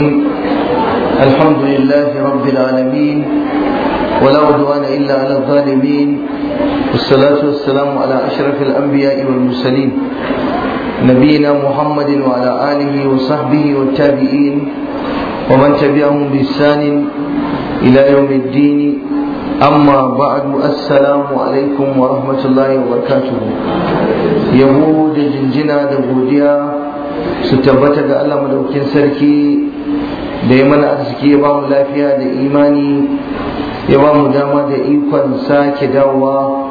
الرجيم الحمد لله رب العالمين ولا عدوان إلا على الظالمين والصلاة والسلام على أشرف الأنبياء والمرسلين نبينا محمد وعلى آله وصحبه والتابعين ومن تبعهم بإحسان إلى يوم الدين أما بعد السلام عليكم ورحمة الله وبركاته يهود جنجنا دبوديا su tabbata ga Allah madaukin sarki da ya mana arziki ya ba mu lafiya da imani ya ba mu dama da ikon sake dawowa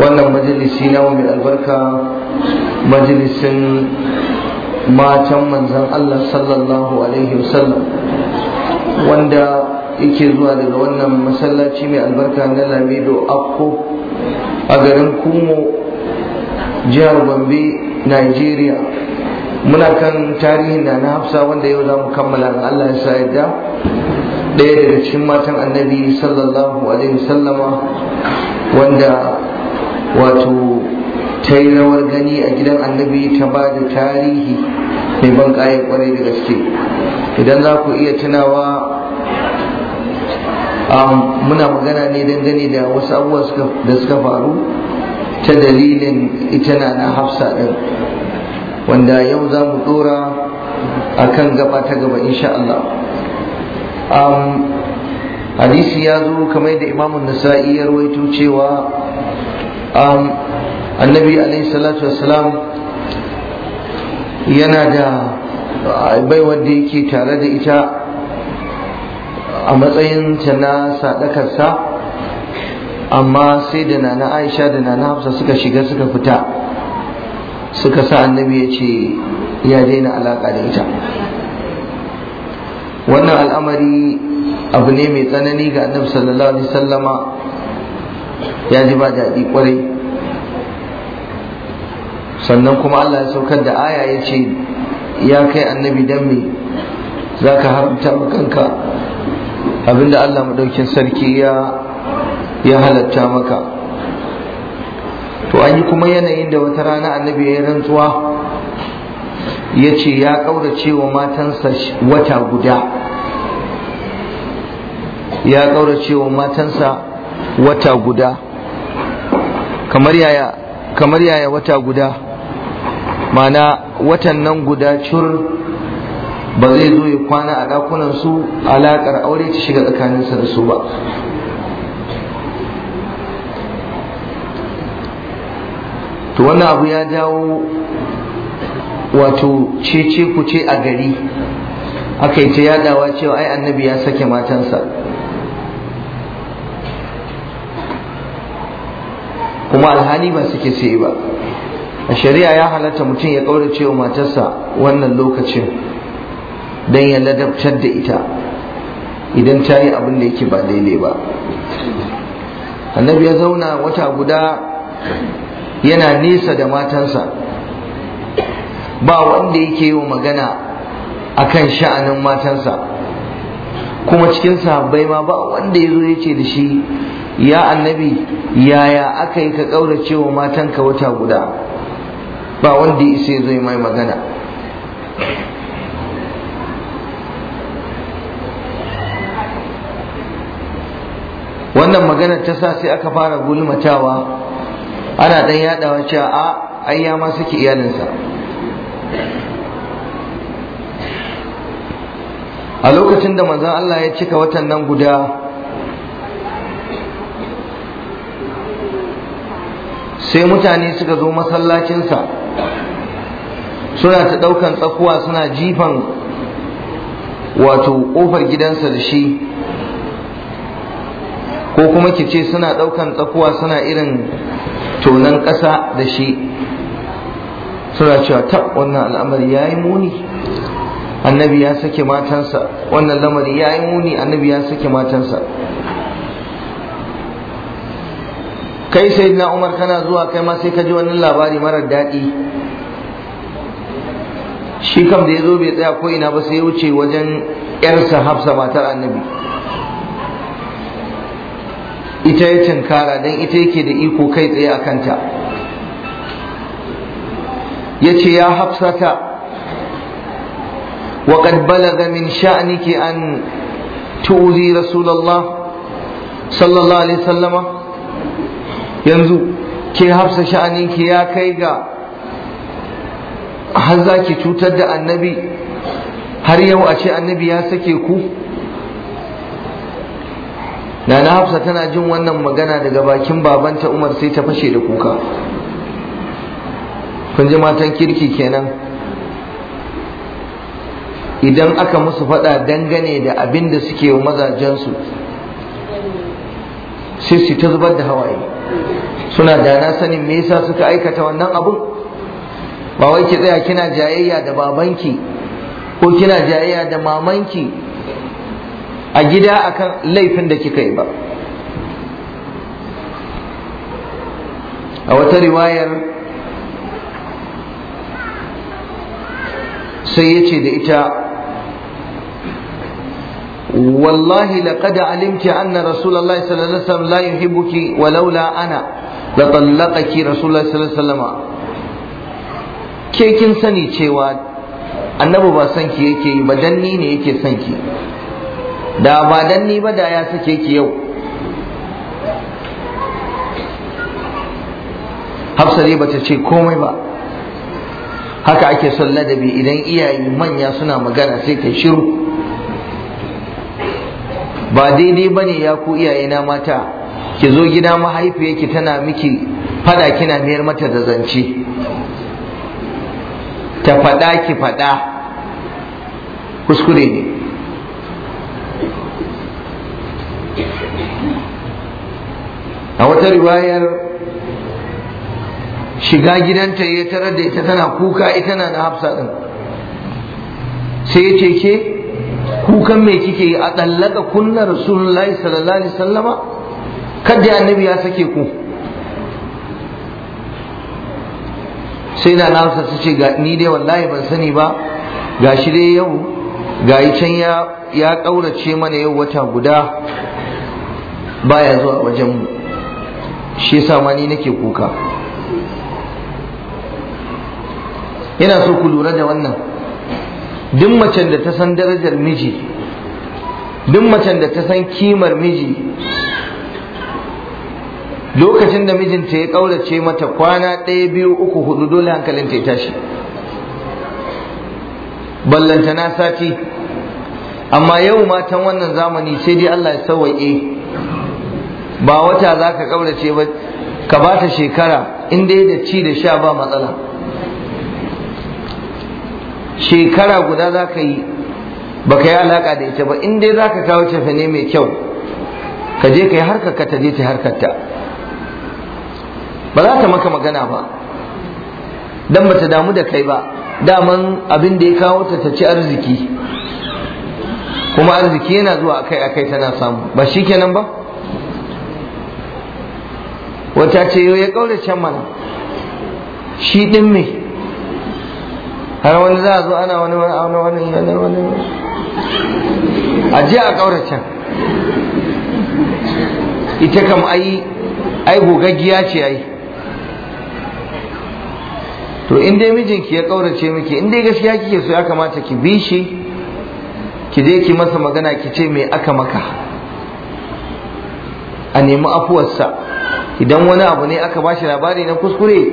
wannan majalisi na mai albarka majalisin matan manzan Allah sallallahu alaihi wasallam wanda yake zuwa daga wannan masallaci mai albarka na lamido akko a garin kumo jihar gombe nigeria muna kan tarihin da na hafsa wanda yau za mu kammala ga Allah ya sa yadda ɗaya daga cikin matan annabi sallallahu alaihi sallama, wanda wato ta yi rawar gani a gidan annabi ta ba da tarihi mai ban ƙaya kwarai da gaske idan za ku iya tunawa um, muna magana ne dangane da wasu abubuwa da suka faru ta dalilin ita na na hafsa ɗin wanda yau za mu dora a kan gaba ta gaba insha Allah hadisi ya zo kamar da imamun nasa'i ya rawaito cewa annabi alaihi salatu wasalam yana da baiwar da yake tare da ita a matsayin ta na sadakarsa amma sai da nana aisha da nana hafsa suka shiga suka fita suka sa annabi ya ce ya daina alaka da ita wannan al'amari abu ne mai tsanani ga annabi sallallahu alaihi sallama ya ji ba daɗi kwarai sannan kuma Allah ya saukar da aya ya ce ya kai annabi dan me za ka haramta kanka abinda Allah maɗaukin sarki ya halatta maka to an yi kuma yanayin da wata rana annabi ya yi rantsuwa ya ce ya ƙaurace wa matansa wata guda ya ƙaurace wa matansa wata guda kamar yaya kamar yaya wata guda mana watan nan guda cur ba zai zo ya kwana a su alaƙar aure ta shiga tsakaninsa da su ba to wannan abu ya dawo wato cece ce a gari aka yi ta yadawa cewa ai annabi ya sake matansa kuma alhali ba suke sai ba a shari'a ya halatta mutum ya ƙaura cewa matarsa wannan lokacin don ya ladabtar da ita idan ta yi abin da yake ba daidai ba annabi ya zauna wata guda yana nesa da matansa ba wanda yake yi magana akan sha'anin matansa kuma cikin sahabbai ma ba wanda ya zo ya da shi ya annabi yaya aka yi ka ƙaurace wa matanka wata guda ba wanda ya isa ya zo mai magana wannan magana ta sa sai aka fara gulmatawa ana ɗan yaɗa cewa a ai ya ma iyalinsa a lokacin da manzon Allah ya cika watan nan guda sai mutane suka zo masallacinsa suna ta ɗaukan tsakuwa suna jifan wato ƙofar gidansa da shi ko kuma ki ce suna ɗaukan tsakuwa suna irin tonan ƙasa da shi suna cewa ta wannan al'amari ya yi muni annabi ya sake matansa wannan lamari ya yi muni annabi ya sake matansa kai sai na umar kana zuwa kai ma sai ka ji wannan labari marar daɗi shi kam da ya zo bai tsaya ko ina ba sai ya wuce wajen yarsa hafsa matar annabi ita ya tunkara don ita yake da iko kai tsaye a kanta ya ce ya hafsata waƙad balaga min an tuzi rasulallah sallallahu alaihi sallama yanzu ke hafsa sha'ninki ya kai ga har za ki cutar da annabi har yau a ce annabi ya sake ku na na hafsa tana jin wannan magana daga bakin babanta umar sai ta fashe da kuka kun ji matan kirki kenan idan aka musu faɗa dangane da abin da suke wa mazajensu sai su ta zubar da hawaye suna da na sanin me yasa suka aikata wannan abun ba wai ki tsaya kina jayayya da babanki ko kina jayayya da mamanki a gida akan laifin da kika yi ba a wata riwayar sai ya ce da ita wallahi laqad alimti anna rasulullahi sallallahu alaihi wasallam la yuhibbuki walaula ana la tallaqaki rasulullahi sallallahu alaihi wasallam ke kin sani cewa annabi ba son ki yake yi ba danni ne yake son ki da ba dan ni ba da ya sake ki yau hafsa dai bata ce komai ba haka ake son ladabi idan iyaye manya suna magana sai kai shiru ba daidai ba ne ya ku iyayena mata ki zo gida mahaifiyarki tana miki fada kina mayar mata da zance ta fada ki fada kuskure ne a wata riwayar shiga gidanta ya tarar da ita tana kuka ita na hafsa din sai ya ce ke kukan mai kike yi a tsallaka kunna rasulullahi sallallahu alaihi sallama kadda annabi ya sake ku sai na hafsa su ce ni dai wallahi ban sani ba ga shi dai yau ga yi can ya ƙaurace mana yau wata guda baya zuwa wajen mu. shi samani ma nake kuka ina so ku lura da wannan duk macen da ta san darajar miji duk macen da ta san kimar miji lokacin da mijinta ya ƙaurace mata kwana ɗaya biyu uku hudu dole ta ya tashi ballantana sati amma yau matan wannan zamani sai dai Allah ya sawaye ba wata za ka kaurace ba ka ba ta shekara in dai da ci da sha ba matsala shekara guda za ka yi ba ka yi alaƙa da ita ba inda dai za ka kawo ne mai kyau ka je ka yi harkarka ta je ta harkarta. ba za ta maka magana ba don ba ta damu da kai ba daman abin da ya kawo ta ta ci arziki kuma arziki yana zuwa akai akai tana samu ba shi kenan ba wata ce ya kaure can mana shi din me har wani za a zo ana wani wani wani wani wani wani a a kaure can ita kam ai ai gogaggiya ce ai to in dai mijinki ya kaurace miki in dai gaskiya kike so ya kamata ki bi shi ki je ki masa magana ki ce me aka maka a nemi afuwarsa idan wani abu ne aka bashi labari na kuskure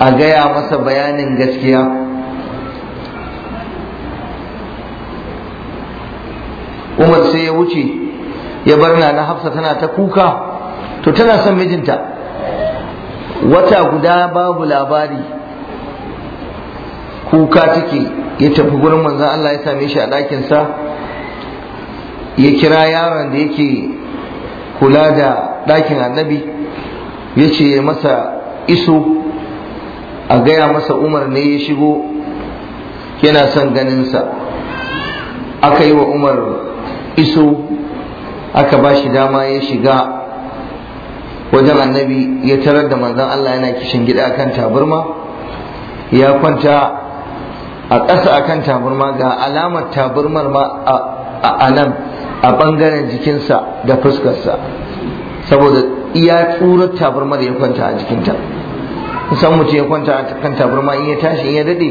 a gaya masa bayanin gaskiya umar sai ya wuce ya bar na hafsa tana ta kuka to tana son mijinta wata guda babu labari kuka take ya tafi gurin manzan Allah ya same shi a ɗakinsa ya kira yaron da yake kula da ɗakin annabi ya ce ya masa iso a gaya masa umar ne ya shigo yana son ganinsa aka yi wa umar iso aka ba shi dama ya shiga wajen annabi ya tarar da manzon Allah yana kishin gida kan taburma ya kwanta a ƙasa akan taburma ga alamar taburmar ma a nan a ɓangaren jikinsa da fuskarsa saboda iya tsurar tabarma da ya kwanta a jikinta musan mutum ya kwanta a kan tabarma in ya tashi in ya dade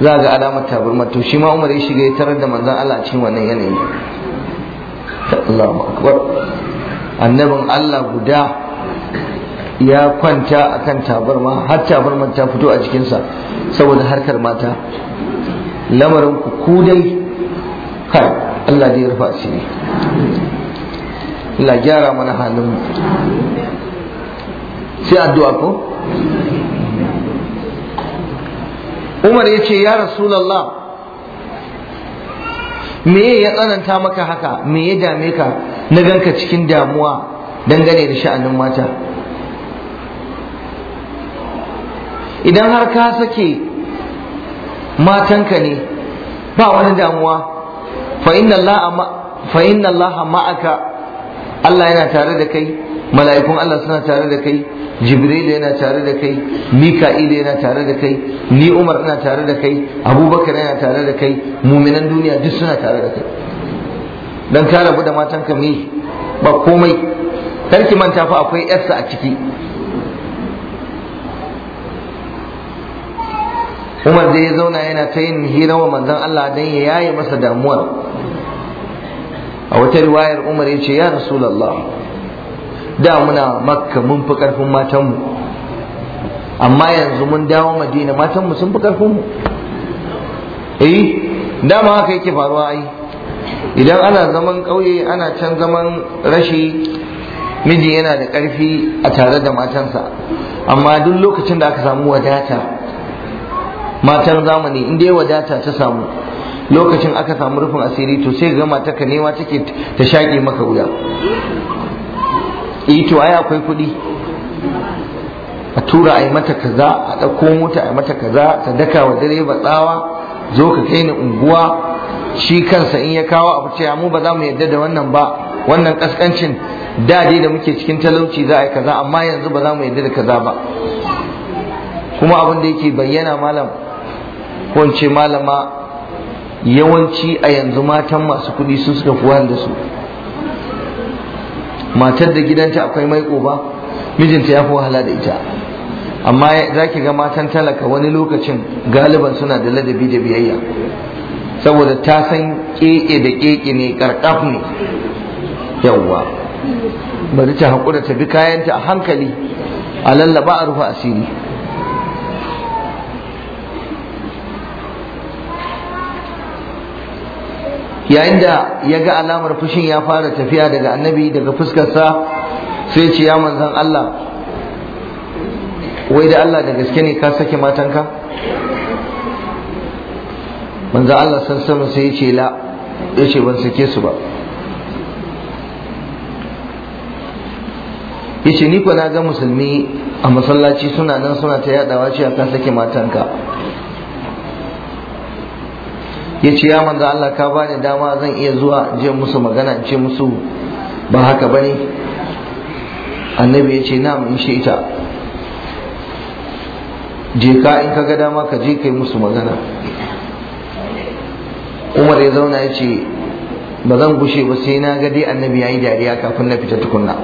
za ga alamar tabarma to shi ma Umar ya shiga ya tarar da manzon Allah cikin wannan yanayi Allahu annabin Allah guda ya kwanta a kan tabarma har tabarmar ta fito a jikinsa saboda harkar mata lamarin ku kudai kai Allah da ya rufa asiri la gyara mana halin mu sai addu'a ko Umar ya ce ya Rasulallah me ya tsananta maka haka me ya dame ka na ganka cikin damuwa dangane da sha'anin mata idan har ka sake matanka ne ba wani damuwa fa inna Allah ma'aka Allah yana tare da kai mala'ikun Allah suna tare da kai jibril yana tare da kai mika'il yana tare da kai ni umar ina tare da kai abubakar yana tare da kai muminan duniya duk suna tare da kai dan ka rabu da matan ka me ba komai ki manta fa akwai yarsa a ciki Umar da ya zauna yana ta yin hira wa manzon Allah dan ya yaye masa damuwa. a wata riwayar umar ya ce ya rasulallah da muna makka mun fi karfin matanmu amma yanzu mun dawo madina matanmu sun fi karfinmu eh dama haka yake faruwa ai idan ana zaman ƙauye ana can zaman rashi miji yana da ƙarfi a tare da matansa amma duk lokacin da aka samu wadata matan zamani inda ya wadata ta samu lokacin aka samu rufin asiri to sai gama ta ka nema take ta shaƙe maka wuya eh to ai akwai kuɗi a tura a yi mata kaza a ɗauko mota a yi mata kaza ta daka wa direba tsawa zo ka kai ni unguwa shi kansa in ya kawo abu ce mu ba za mu yadda da wannan ba wannan kaskancin da dai da muke cikin talauci za a yi kaza amma yanzu ba za mu yadda da kaza ba kuma abin da yake bayyana malam ko in ce malama yawanci a yanzu matan masu kuɗi su suka fi da su matar da gidanta akwai mai ba mijinta ya fi wahala da ita amma za ki ga matan talaka wani lokacin galiban suna da ladabi da biyayya saboda ta san keke da keke ne karkaf ne yawwa bari ta haƙura ta bi kayanta a hankali a lallaba a rufe asiri yayin da ya ga alamar fushin ya fara tafiya daga annabi daga fuskarsa sai ce ya manzan Allah wai da Allah da gaske ne ka sake matanka manzan Allah san sama sai ya ce la ya ce ban sake su ba ya ce ni na ga musulmi a masallaci suna nan suna ta yadawa cewa ka sake matanka ya ce ya manzo Allah ka bani dama zan iya zuwa je musu magana in ce musu ba haka bane annabi ya ce na'am in ita je ka in ka ga dama ka je kai musu magana Umar ya zauna ya ce ba zan gushe ba sai na ga dai annabi yayi dariya kafin na fita tukunna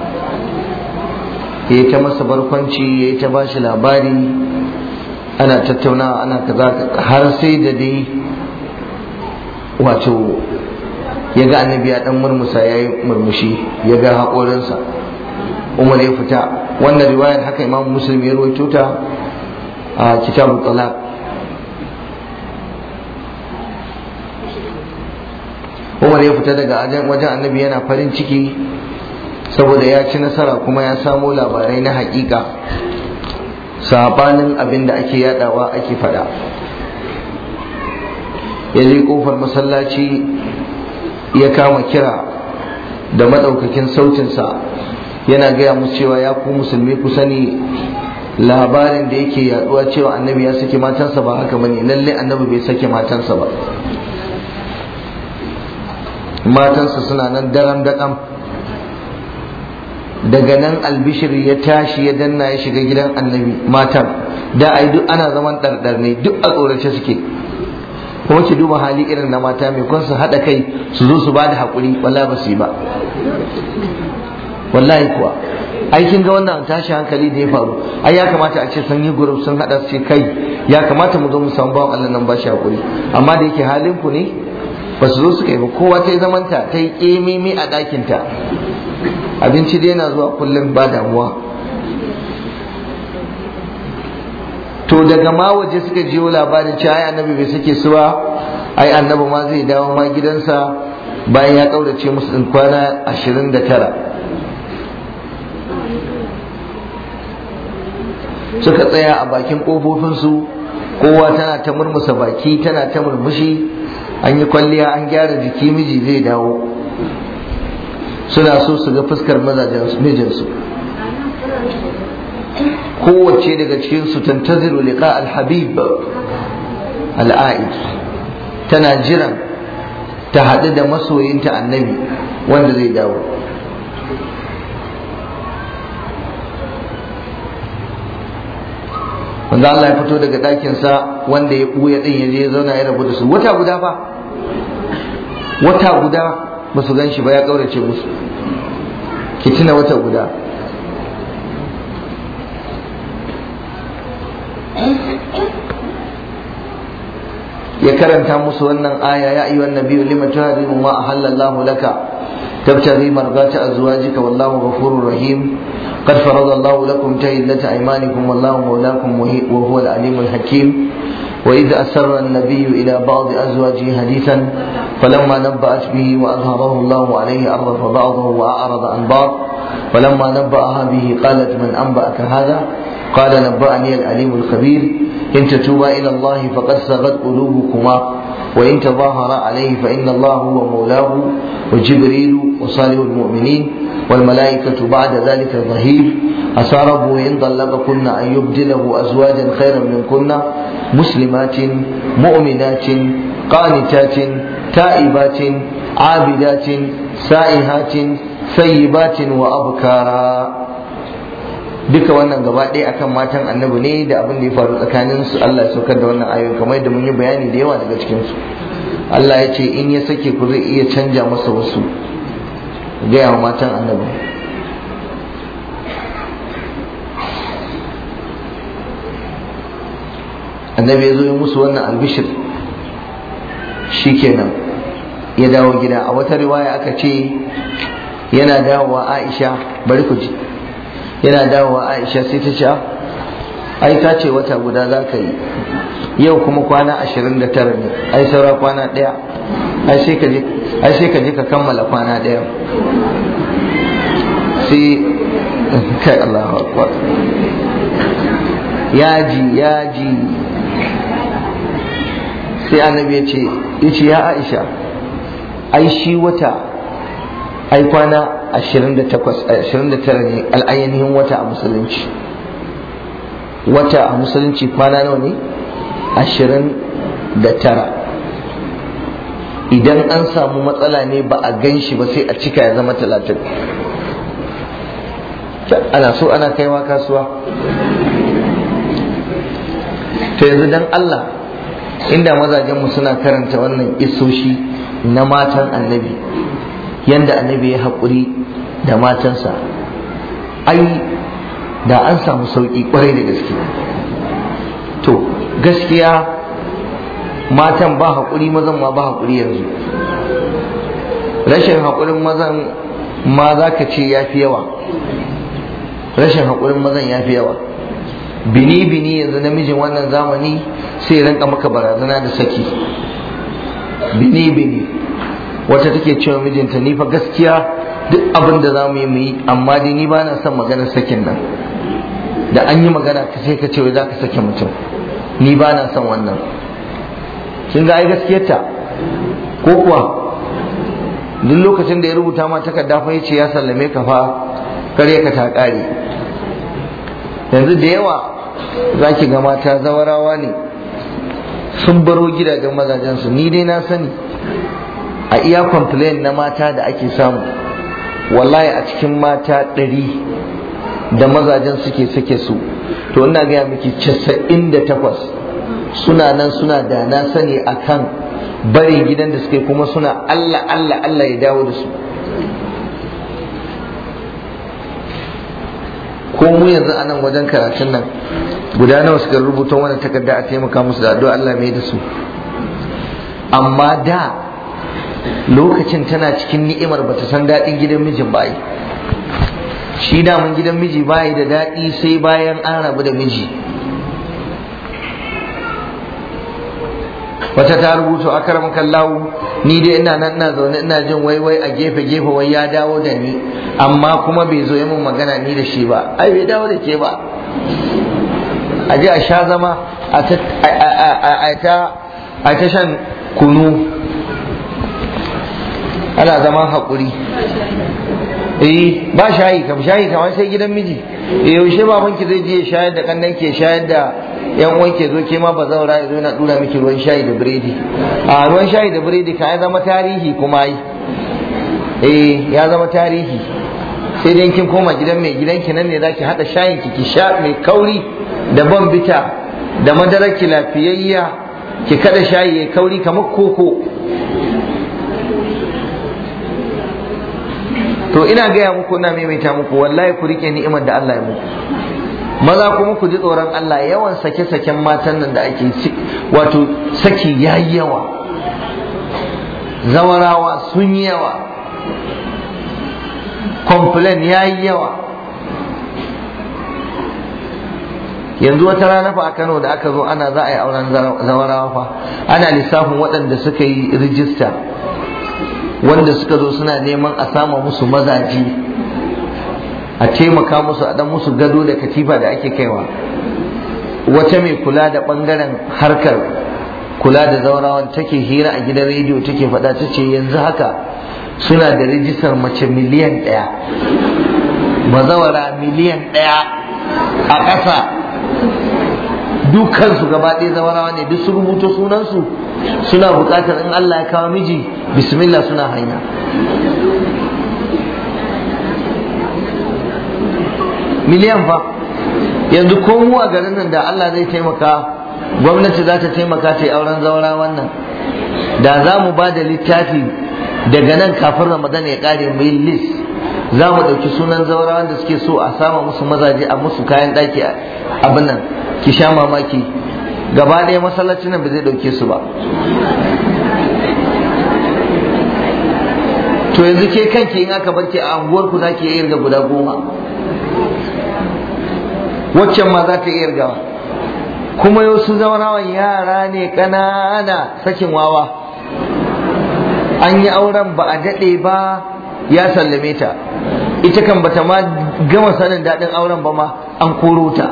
ya ta masa barkwanci yayi ta bashi labari ana tattaunawa ana kaza har sai da dai wato ya ga annabi ya dan murmusa ya yi murmushi ya ga haƙorinsa umar ya fita wannan riwayar haka imam muslim ya rawaito ta a kitabu talaq umar ya fita daga wajen annabi yana farin ciki saboda ya ci nasara kuma ya samo labarai na haƙiƙa sabanin abin da ake yadawa ake faɗa ya je kofar masallaci ya kama kira da maɗaukakin sautinsa yana gaya musu cewa ya ku musulmi ku sani labarin da yake yaduwa cewa annabi ya sake matansa ba haka bane lalle annabi bai sake matansa ba matansa suna nan daram daɗam daga nan albishir ya tashi ya danna ya shiga gidan annabi matan da ai duk ana zaman ɗarɗar ne duk a tsorace suke kuma ki duba hali irin na mata mai kun su haɗa kai su zo su bada haƙuri wallahi ba su yi ba wallahi kuwa ai kin ga wannan tashi hankali da ya faru ai ya kamata a ce sun yi sun haɗa su kai ya kamata mu zo mu samu bawan Allah nan ba shi haƙuri amma da yake halin ku ne ba su zo su yi ba kowa ta yi zamanta ta yi ƙemimi a ɗakinta abinci dai na zuwa kullum ba damuwa to daga ma waje suka jiyo labarin cewa ai annabi bai suke su ba ai annabi ma zai dawo ma gidansa bayan ya kaurace musu in kwana 29 suka tsaya a bakin kofofinsu kowa tana ta murmusa baki tana ta murmushi an yi kwalliya an gyara jiki miji zai dawo suna so su ga fuskar mazajen mijinsu kowace daga cikin su tantaziru liqa al-habib al-aid tana jiran ta haɗu da masoyinta annabi wanda zai dawo wanda Allah ya fito daga ɗakinsa wanda ya ɓuya ɗin ya je zauna ya rabu da su wata guda fa wata guda ba su gan shi ba ya ƙaurace musu ki tuna wata guda ya karanta musu wannan aya ya ayyuha annabiyyu lima tuhadimu ma ahallallahu laka a marghata azwajika wallahu ghafurur rahim qad farada Allahu lakum tahillata aymanikum wallahu mawlakum wa huwa al hakim وإذ أسر النبي إلى بعض أزواجه حديثا فلما نبأت به وأظهره الله عليه أعرف بعضه وأعرض عن بعض فلما نبأها به قالت من أنبأك هذا قال نبأني العليم الخبير إن تتوبا إلى الله فقد سغت قلوبكما وإن تظاهرا عليه فإن الله هو مولاه وجبريل وصالح المؤمنين والملائكة بعد ذلك ظهير عسى ربه إن طلقكن أن يبدله أزواجا خيرا منكن مسلمات مؤمنات قانتات تائبات عابدات سائحات ثيبات وأبكارا duka wannan gaba ɗaya akan matan annabi ne da abin da ya faru tsakanin su Allah ya saukar da wannan ayoyi kamar yadda mun yi bayani da yawa daga cikin su Allah ya ce in ya sake ku zai iya canja masa wasu gaya wa matan annabi annabi ya zo yi musu wannan albishir kenan, ya dawo gida a wata riwaya aka ce yana dawowa Aisha bari ku ji yana dawowa aisha sai ta ce ah, ai ka ce wata guda za ka yi yau kuma kwana ashirin da tara ne ai saura kwana ɗaya ai sai ka je ka kammala kwana ɗaya sai kai Allahu yaji yaji sai annabi ya ce ya Aisha ai shi wata ai kwana 29 ne al'ayyanihin wata a musulunci wata a musulunci kwana nawa ne 29 idan an samu matsala ne ba a gan shi ba sai a cika ya zama 30 ana so ana kaiwa kasuwa to yanzu dan Allah inda mazajenmu suna karanta wannan isoshi na matan annabi yanda annabi ya haƙuri da matansa ai da an samu sauƙi kwarai da gaske to gaskiya matan ba haƙuri mazan ma ba haƙuri yanzu rashin haƙurin mazan ma za ce ya fi yawa rashin haƙurin mazan ya yawa bini-bini yanzu namijin wannan zamani sai rinka maka barazana da saki bini-bini wata take cewa mijinta ni fa gaskiya duk abin da za mu yi muyi amma dai ni ba na son maganar sakin nan da an yi magana ka sai ka ce wai za ka sake mutum ni ba na son wannan kin ga ai gaskiyarta ko kuwa duk lokacin da ya rubuta ma takarda fa yace ya sallame ka fa kare ka ta kare yanzu da yawa zaki ga mata zawarawa ne sun baro gidajen mazajensu ni dai na sani a iya complain na mata da ake samu wallahi a cikin mata ɗari da mazajen suke suke su to ina gaya miki casa'in da takwas suna nan suna da na sani a kan bari gidan da suke kuma suna Allah Allah Allah ya dawo da su ko mu yanzu anan wajen karatun nan guda nawa suka rubuta wannan takarda a taimaka musu da addu'a Allah mai da su amma da lokacin tana cikin ni'imar bata san daɗin gidan mijin bayi shi daman gidan miji bayi da daɗi sai bayan an rabu da miji wata ta rubuta a karam kallawu ni dai ina nan ina zaune ina jin waiwai a gefe gefe wai ya dawo da ni amma kuma bai zo yamin magana ni da shi ba ai bai dawo da ke ba a je a sha zama a ta shan kunu ana zama hakuri. eh ba shayi kam shayi kamar sai gidan miji eh yaushe babanki zai je shayar da kannan ke shayar da yan uwan ke zo ke ma ba zaura ya zo yana dura miki ruwan shayi da biredi a ruwan shayi da biredi ka ya zama tarihi kuma yi eh ya zama tarihi sai dai kin koma gidan mai ki nan ne zaki hada shayin ki ki sha mai kauri da ban bita da madarar ki lafiyayya ki kada shayi ya kauri kamar koko to ina gaya muku na maimaita muku wallahi ku rike ni'imar da Allah ya muku maza kuma ku ji tsoron Allah yawan sake-saken matan nan da ake wato saki ya yi yawa zawarawa sun yi yawa complain ya yi yawa yanzu wata rana fa a Kano da aka zo ana za a yi auren zawarawa fa ana lissafin waɗanda suka yi rijista wanda suka zo suna neman a sama musu mazaji a taimaka musu a dan musu gado da katifa da ake kaiwa wata mai kula da bangaren harkar kula da zaurawan take hira a gidan rediyo take faɗa ta ce yanzu haka suna da rijistar mace miliyan ɗaya mazawara miliyan ɗaya a ƙasa su gaba ɗaya zawarawa ne duk su rubuta sunansu suna buƙatar in Allah ya kawo miji bismillah suna hanya miliyan fa yanzu ko mu a garin nan da Allah zai taimaka gwamnati za ta taimaka ta yi auren zaura wannan da za mu ba da littafi daga nan kafin ramadan ya kare mu yi lis, za mu ɗauki sunan zaura wanda suke so a sama musu mazaje a musu kayan ɗaki abin nan ki sha mamaki gaba ɗaya masallacin nan ba zai ɗauke su ba to yanzu ke kanki in aka barke a anguwarku za ki iya irga guda goma waccan ma za ta iya irgawa kuma yau su rawan yara ne ƙanana sakin wawa an yi auren ba a daɗe ba ya sallame ta ita kan bata ma gama sanin daɗin auren ba ma an koro ta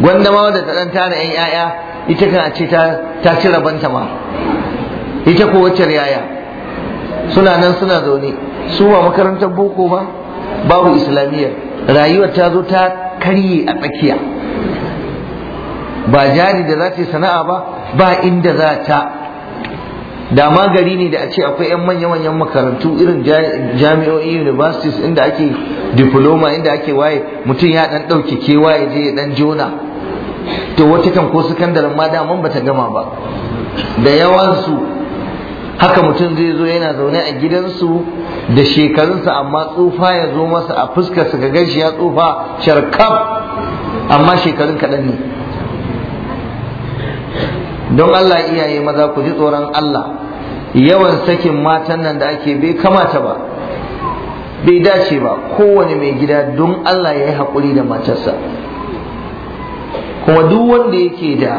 gwanda ma wadda ta dan tara yan yaya ita kan a ce ta ci rabanta ma ita ko wacce yaya suna nan suna zaune su ba makarantar boko ba babu islamiyya rayuwar ta zo ta karye a tsakiya ba jari da za ta yi sana'a ba ba inda za ta da ma gari ne da a ce akwai 'yan manya-manyan makarantu irin jami'o'i universities inda ake diploma inda ake waye mutum ya dan kewa kewaye je ya dan jona to wata kan ko sakandaren ma daman bata gama ba da yawansu haka mutum zai zo yana zaune a gidansu da shekarunsa amma tsufa ya zo masa a fuskarsa ga gan shi ya tsufa sharkaf amma shekarun kaɗan ne don Allah iyaye maza ku ji tsoron Allah yawan sakin matan nan da ake bai kamata ba bai dace ba kowane mai gida don Allah ya yi haƙuri da matarsa kuma duk wanda yake da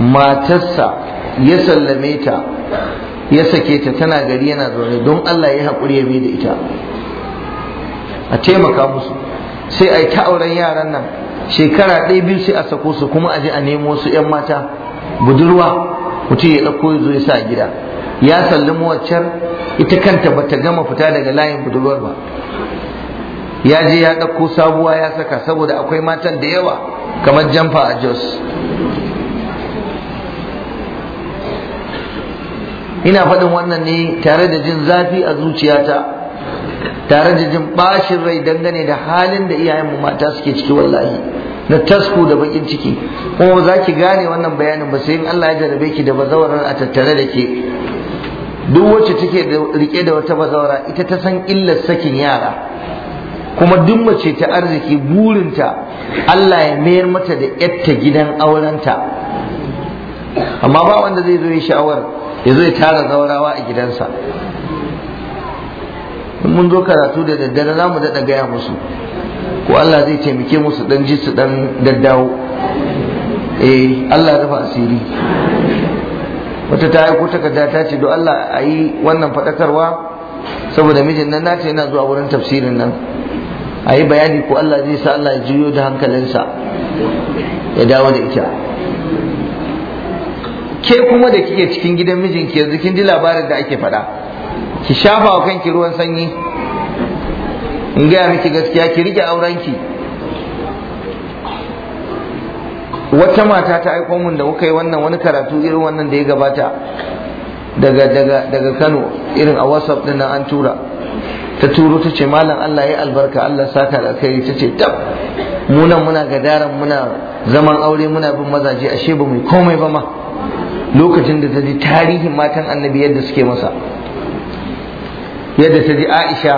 matarsa ya sallame ta ya sake ta tana gari yana zaune don Allah ya yi haƙuri ya bi da ita a taimaka musu sai a yi ta auren yaran nan shekara ɗaya biyu sai a sako su kuma a je a nemo su 'yan mata budurwa mutum ya ɗauko ya zo ya sa gida ya sallama waccan ita kanta bata gama fita daga layin budurwar ba ya je ya ɗauko sabuwa ya saka saboda akwai matan da yawa kamar jamfa a jos ina faɗin wannan ne tare da jin zafi a zuciyata tare da jin bashin rai dangane da halin da iyayenmu mata suke ciki wallahi na tasku da bakin ciki kuma ba za ki gane wannan bayanin ba sai in Allah ya jarabe ki da bazawarar a tattare da ke duk wacce take rike da wata bazawara ita ta san illar sakin yara kuma duk mace ta arziki burinta Allah ya mayar mata da yatta gidan aurenta amma ba wanda zai zo ya sha'awar ya zo ya tara zaurawa a gidansa mun zo karatu da daddare za mu daɗa gaya musu ko Allah zai taimake musu dan ji su dan daddawo eh Allah ya rufa asiri wata ta aiko takarda ta ce do Allah a yi wannan faɗakarwa saboda mijin nan nace yana zuwa wurin tafsirin nan a yi bayani ko Allah zai sa Allah ya juyo da hankalinsa ya dawo da ita ke kuma da kike cikin gidan mijinki yanzu kin ji labarin da ake faɗa ki shafa wa kanki ruwan sanyi in gaya miki gaskiya ki rike auren ki wata mata ta aiko mun da muka yi wannan wani karatu irin wannan da ya gabata daga daga daga Kano irin a WhatsApp din nan an tura ta turo ta ce malam Allah ya albarka Allah saka da kai ta ce tab mu nan muna gadaran muna zaman aure muna bin mazaje ashe ba mu komai ba ma lokacin da ta ji tarihin matan annabi yadda suke masa yadda ta ji Aisha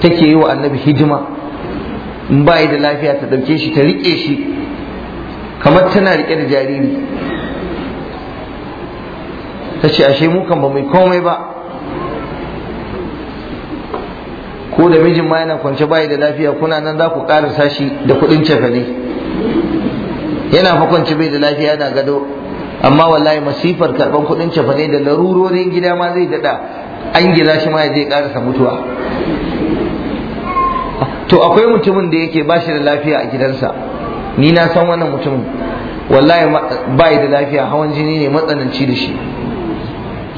take yi wa annabi hidima in ba da lafiya ta ɗauke shi ta riƙe shi kamar tana riƙe da jariri ta ce ashe mu kan ba mai komai ba ko da mijin ma yana kwance bayi da lafiya kuna nan za ku ƙarasa shi da kuɗin cefane yana fa kwance bai da lafiya yana gado amma wallahi masifar karɓar kuɗin cefane da larurorin gida ma zai daɗa an gila shi ma ya zai ƙarasa mutuwa to akwai mutumin da yake ba shi da lafiya a gidansa ni na san wannan mutumin wallahi ba da lafiya hawan jini ne matsananci da shi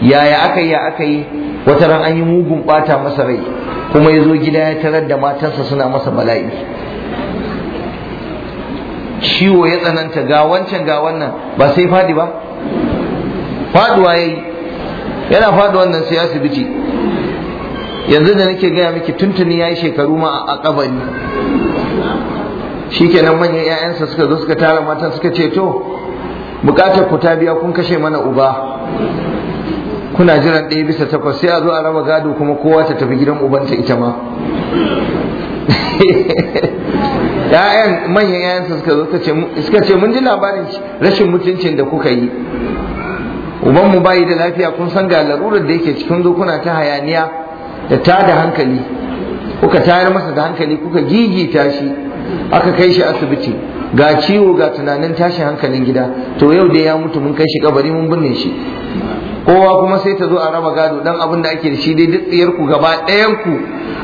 yaya aka yi ya aka yi wata ran an yi mugun bata masa rai kuma ya zo gida ya tarar da matansa suna masa bala'i ciwo ya tsananta ga wancan ga wannan ba sai fadi ba faduwa yi. yana faduwan nan sai asibiti yanzu da nake gaya miki tuntuni ya yi shekaru ma a kabari shikenan manyan 'ya'yansa suka zo suka tara matan suka ce to bukatar ku ta biya kun kashe mana uba kuna jiran ɗaya bisa takwas sai a zo a raba gado kuma kowa ta tafi gidan ubanta ita ma ya'yan manyan ya'yansa suka zo suka ce mun ji labarin rashin mutuncin da kuka yi Ubanmu bayi da lafiya kun san ga larurar da yake cikin zo kuna ta hayaniya da ta da hankali kuka tayar masa da hankali kuka gigita shi aka kai shi asibiti ga ciwo ga tunanin tashin hankalin gida to yau dai ya mutu mun kai shi kabari mun binne shi kowa kuma sai ta zo a raba gado dan abin da ake da shi dai duk tsiyar ku gaba ɗayan ku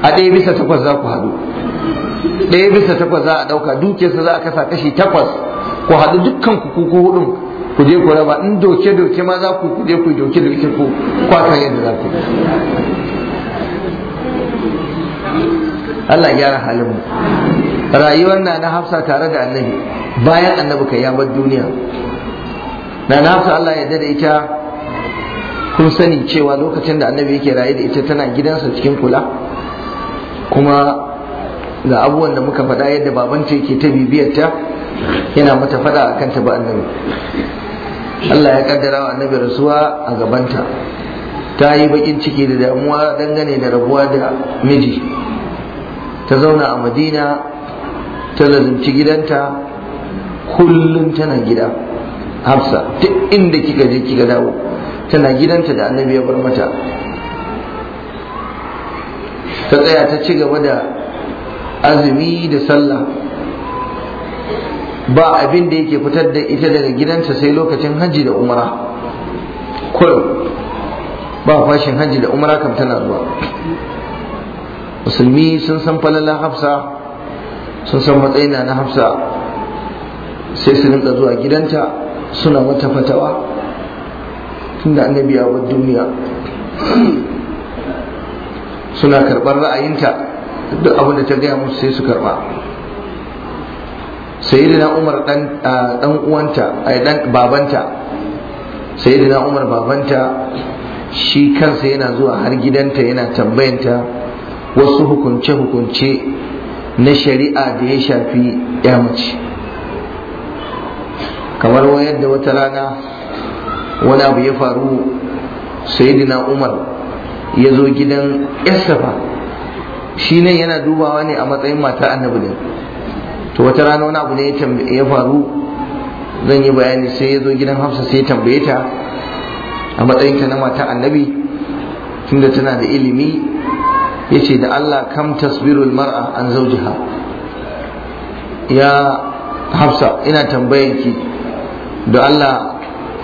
a ɗaya bisa takwas za ku haɗu ɗaya bisa takwas za a ɗauka dukiyarsa za a kasa kashi takwas ku haɗu dukkan ku ku ku je ku raba in doke doke ma za ku ku je ku doke doke ku kwasan yadda za ku Allah gyara halin mu rayuwar na na hafsa tare da annabi bayan annabi kai ya bar duniya na na hafsa Allah ya da ita kun sani cewa lokacin da annabi yake rayu da ita tana gidansa cikin kula kuma ga abubuwan da muka faɗa yadda babanta yake ta bibiyarta yana mata faɗa a kanta ba annabi Allah ya kaddara wa annabi rasuwa a gabanta ta yi bakin ciki da damuwa dangane da rabuwa da miji ta zauna a madina ta lazumci gidanta kullum tana gida hafsa duk inda kika je kika dawo tana gidanta da annabi ya bar mata ta tsaya ta ci gaba da azumi da sallah ba abin da yake fitar da ita daga gidanta sai lokacin hajji da umara kullum ba fashin hajji da umara kam tana zuwa musulmi sun san falalan hafsa sun san matsayin na hafsa sai su rinka zuwa gidanta suna mata fatawa da annabi ya bar duniya suna karɓar ra'ayinta duk abin da ta gaya musu sai su karɓa sayyidina umar dan uwanta ai dan babanta sayyidina umar babanta shi kansa yana zuwa har gidanta yana tambayanta wasu hukunce-hukunce na shari'a da ya shafi ya mace kamar wayar da wata rana wani abu ya faru sayidina umar ya zo gidan yasafa shi ne yana dubawa ne a matsayin mata annabi ne to wata rana wani abu ne ya faru zan yi bayani sai ya zo gidan hafsa sai ya tambaye ta a matsayinta na mata annabi tunda tana da ilimi Ya ce da Allah kam tasbirul mar'a an zawjiha ya Hafsa ina tambayanki da Allah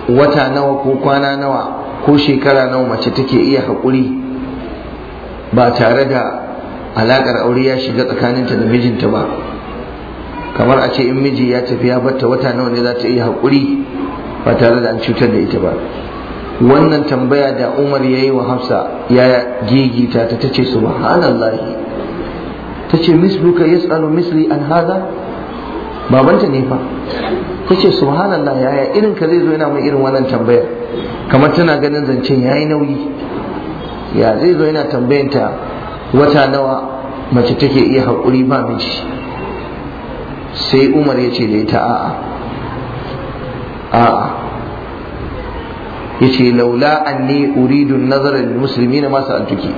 wata nawa ko kwana nawa ko shekara nawa mace take iya haƙuri ba tare da alaƙar aure ya shiga tsakaninta da mijinta ba kamar a ce in miji ya tafi ya batta wata nawa ne za ta iya haƙuri ba tare da an cutar da ita ba wannan tambaya da umar ya yi wa hafsa ya gigita ta ta tace subhanallah ta ce misluka yas'alu misli an hada babanta ne fa ta ce subhanallah yaya irin ka zai zo yana mai irin wannan tambayar kamar tana ganin zancen ya yi nauyi ya zai zo yana tambayanta wata nawa mace take iya haƙuri ba miji sai umar ya ce da ita a'a a'a yace laula anni uridu nazar al muslimina ma sa'altuki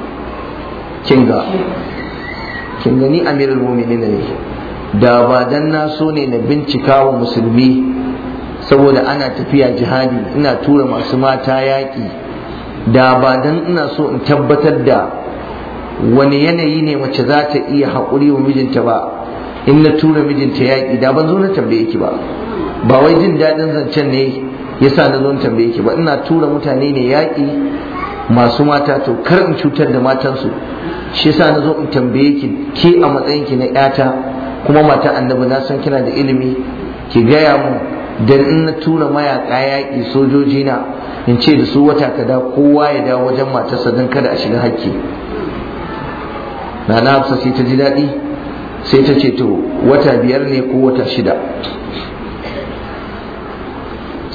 kinga kinga ni amirul mu'minin ne da ba dan na so ne na bincika wa musulmi saboda ana tafiya jihadi ina tura masu mata yaki. da ba dan ina so in tabbatar da wani yanayi ne mace za ta iya haƙuri wa mijinta ba in na tura mijinta yaƙi da ban zo na tambaye ki ba ba wai jin daɗin zancen ne yasa na zon tambaye ki ba ina tura mutane ne yaƙi masu mata to kar in cutar da matansu shi yasa na zo in tambaye ki ke a matsayin ki na ƴata kuma mata annabi na san kina da ilimi ki gaya mu dan in na tura mayaƙa yaƙi sojoji na in ce da su wata kada kowa ya dawo wajen matarsa don kada a shiga hakki na na sai ta ji daɗi sai ta ce to wata biyar ne ko wata shida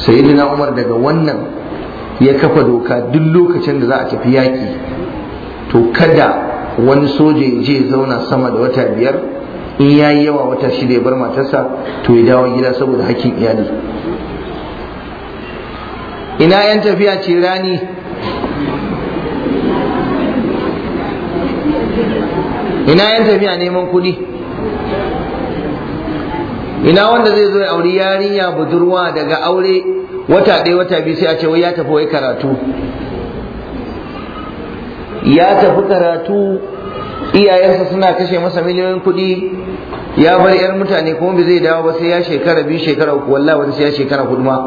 sayyidina umar daga wannan ya kafa doka duk lokacin da za a tafi yaki to kada wani soja ya je zauna sama da wata biyar in ya yi yawa wata shida ya bar matarsa to ya dawo gida saboda hakkin iyali ina yan tafiya ce rani ina yan tafiya neman kuɗi ina wanda zai zo ya auri yarinya budurwa daga aure wata ɗaya wata biyu sai a ce wai ya tafi wai karatu ya tafi karatu iyayensa suna kashe masa miliyoyin kuɗi ya bar yar mutane kuma bai zai dawo ba sai ya shekara biyu shekara uku wallahi wani sai ya shekara hudu ma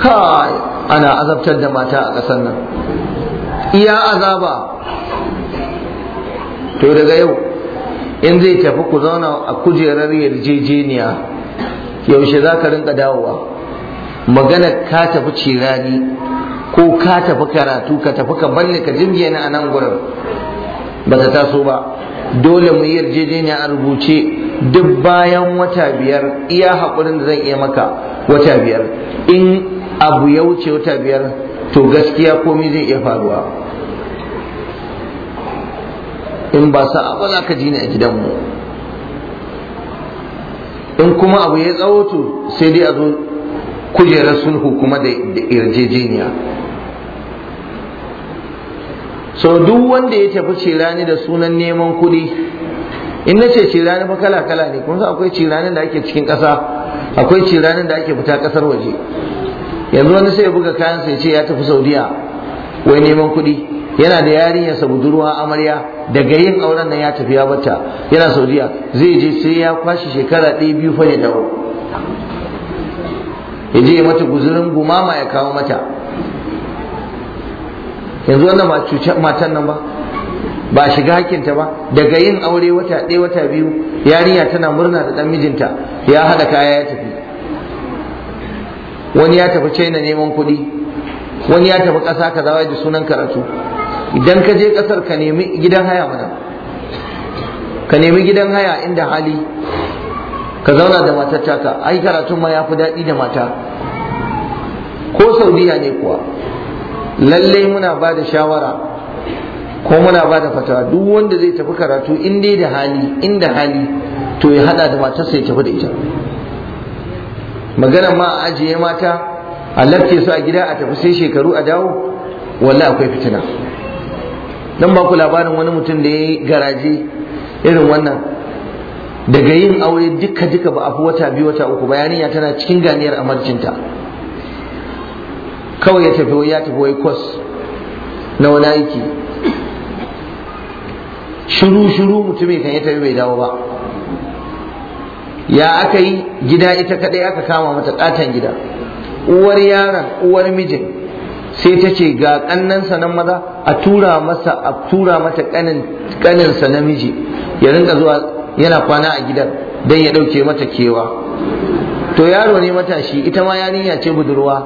ka ana azabtar da mata a ƙasar nan iya azaba to daga yau in zai tafi ku zauna a kujerar yarjejeniya yaushe za ka rinka dawowa magana ka tafi cirani ko ka tafi karatu ka tafi ka balle ka jingina a nan gurin ba ta taso ba dole mu yarjejeniya a rubuce duk bayan wata biyar iya haƙurin da zan iya maka wata biyar in abu ya wuce wata biyar to gaskiya komai zai iya faruwa in ba sa'a ba za ka ji ni a gidanmu in kuma abu ya tsawoto sai dai a zo kujerar sulhu kuma da yarjejeniya so duk wanda ya tafi cirani da sunan neman kuɗi in na ce cirani fa kala kala ne kuma akwai ciranin da ake cikin ƙasa akwai ciranin da ake fita ƙasar waje yanzu wani sai ya buga kayan sai ce ya tafi saudiya wai neman kuɗi yana da sa budurwa amarya daga yin auren nan ya tafi ya bata yana saudiya zai je sai ya kwashi shekara ɗaya biyu fa ya dawo ya je mata guzurin gumama ya kawo mata yanzu wannan ba matan nan ba ba shiga hakinta ba daga yin aure wata ɗaya wata biyu yarinya tana murna da ɗan mijinta ya haɗa kaya ya tafi wani ya tafi china neman kuɗi wani ya tafi ƙasa kaza da sunan karatu idan ka je kasar ka nemi gidan haya mana ka nemi gidan haya inda hali ka zauna da matar taka ai karatun ma ya fi daɗi da mata ko saudiya ne kuwa lallai muna ba da shawara ko muna ba da fatawa duk wanda zai tafi karatu in da hali inda hali to ya hada da matarsa ya tafi da ita magana ma ajiye mata a lafke su a gida a tafi sai shekaru a dawo wallahi akwai fitina dan ba ku labarin wani mutum da ya yi garaje irin wannan daga yin aure duka duka ba a fi wata biyu wata uku bayaniya tana cikin ganiyar amarcinta kawai ya tafi ya tafi wai kwas na wani aiki shiru shiru mutumin kan ya tafi bai dawo ba ya aka yi gida ita kadai aka kama mata katon gida uwar yaran uwar mijin sai ta ce ga ƙannansa na maza a tura masa a tura mata ƙaninsa na miji ya rinka zuwa yana kwana a gidan don ya ɗauke mata kewa to yaro ne matashi ita ma yarinya ce budurwa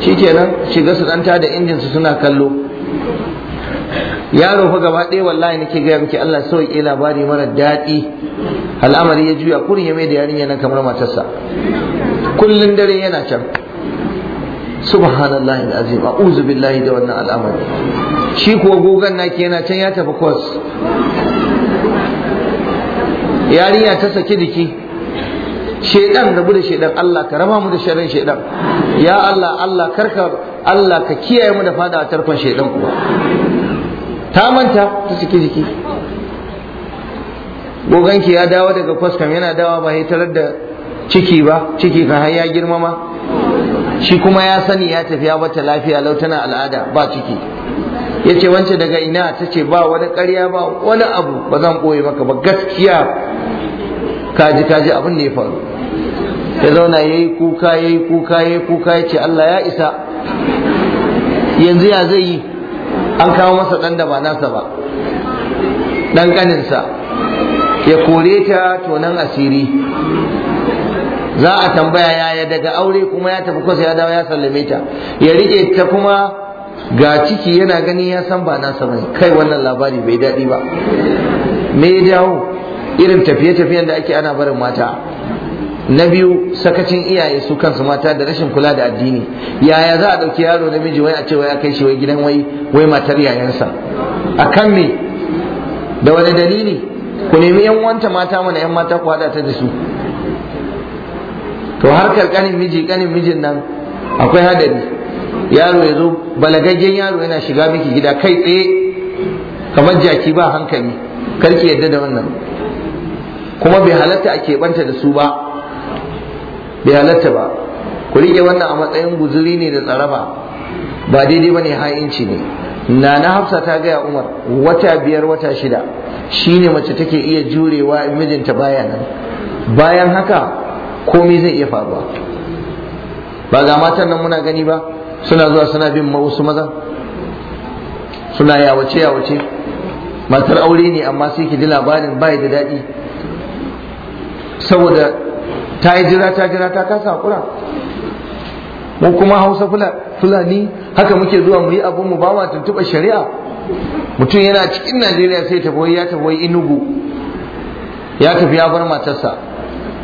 nan shiga su ɗanta da injinsu suna kallo yaro fa gaba ɗaya wallahi nake gaya miki Allah sau ke labari mara daɗi al'amari ya juya kurin ya mai da yarinya nan kamar matarsa kullun dare yana can subhanallahi alazim a'udhu billahi da wannan al'amari shi kuwa gogan naki yana can ya tafi kwas yarinya ta saki jiki shedan rabu da shedan Allah ka raba mu da sharrin shedan ya Allah Allah karka Allah ka kiyaye mu da fada a tarkon shedan kuwa ta manta ta saki jiki ki ya dawo daga kwas kam yana dawa ba ya tarar da ciki ba ciki kan har ya girmama shi kuma ya sani ya tafi ya bata lafiya lautana al'ada ba ciki ya ce wance daga ina ta ce ba wani karya ba wani abu ba zan ɓoye maka ba gaskiya kaji kaji abin ne ya faru ya zauna ya yi kuka ya yi kuka ya yi kuka ya ce Allah ya isa yanzu ya zai yi an kawo masa ɗan da ba nasa ba ɗan ƙaninsa ya kore ta tonan asiri za a tambaya yaya daga aure kuma ya tafi kwasa ya dawo ya sallame ta ya rike ta kuma ga ciki yana gani ya san ba nasa bane kai wannan labari bai daɗi ba me ya dawo irin tafiye-tafiyen da ake ana barin mata na biyu sakacin iyaye su kansu mata da rashin kula da addini yaya za a ɗauki yaro namiji wai a ce wai a kai shi wai gidan wai wai matar yayansa a kan me da wani dalili ku nemi yan wanta mata mana yan mata ku hada ta da su to harkar kanin miji kanin mijin nan akwai hadari yaro ya zo balagaggen yaro yana shiga miki gida kai tsaye kamar jaki ba hankali karki yadda da wannan kuma bai halatta a keɓanta da su ba bai halatta ba ku rike wannan a matsayin guzuri ne da tsaraba ba daidai ba ne ha'inci ne na na hafsa ta gaya umar wata biyar wata shida shine mace take iya jurewa mijinta baya nan bayan haka komai zai iya faruwa ba ga matan nan muna gani ba suna zuwa suna bin wasu maza suna yawace yawace matar aure ne amma sai ki ji labarin bai da daɗi saboda ta yi jira ta jira ta kasa kura? mu kuma hausa fulani haka muke zuwa mu yi abin mu ba ma tuntuɓa shari'a mutum yana cikin najeriya sai tafi ya tafi inugu ya tafi ya bar matarsa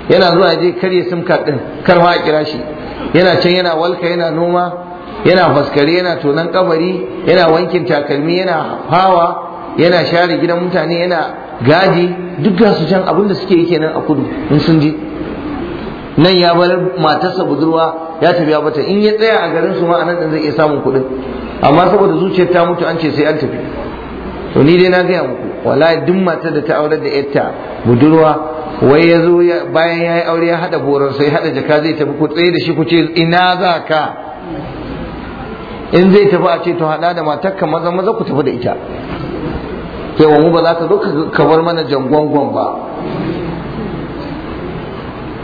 yana zuwa je karya sim card din kar a kira shi yana can yana walka yana noma yana faskare yana tonan kabari yana wankin takalmi yana hawa yana share gidan mutane yana gadi duk ga su can abinda suke yi kenan a kudu in sun je nan ya bar matarsa budurwa ya tafi ya bata in ya tsaya a garin su ma anan din zai iya samun kuɗin amma saboda zuciyar ta mutu an ce sai an tafi to ni dai na gaya muku wallahi duk matar da ta aurar da yarta budurwa wai ya zo bayan ya yi aure ya haɗa boron sai haɗa jaka zai tafi ku tsaye da shi ku ce ina za ka in zai tafi a ce to haɗa da matakka maza maza ku tafi da ita wa mu ba za ka zo ka bar mana jangwangon ba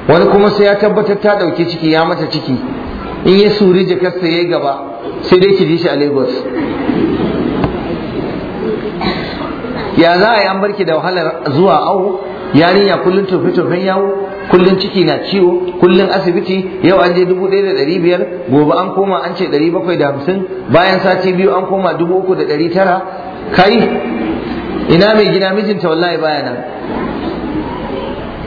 wani kuma sai ya tabbatar ta ɗauki ciki ya mata ciki in ya suri jakar jakarsa ya gaba sai dai ki ji a lagos ya za a yi an barki da wahalar zuwa awo yarinya kullun tofe tofen yawo kullun ciki na ciwo kullun asibiti yau an je dubu ɗaya da ɗari biyar gobe an koma an ce ɗari bakwai da hamsin bayan sati biyu an koma dubu uku da ɗari tara kai ina mai gina mijinta wallahi baya nan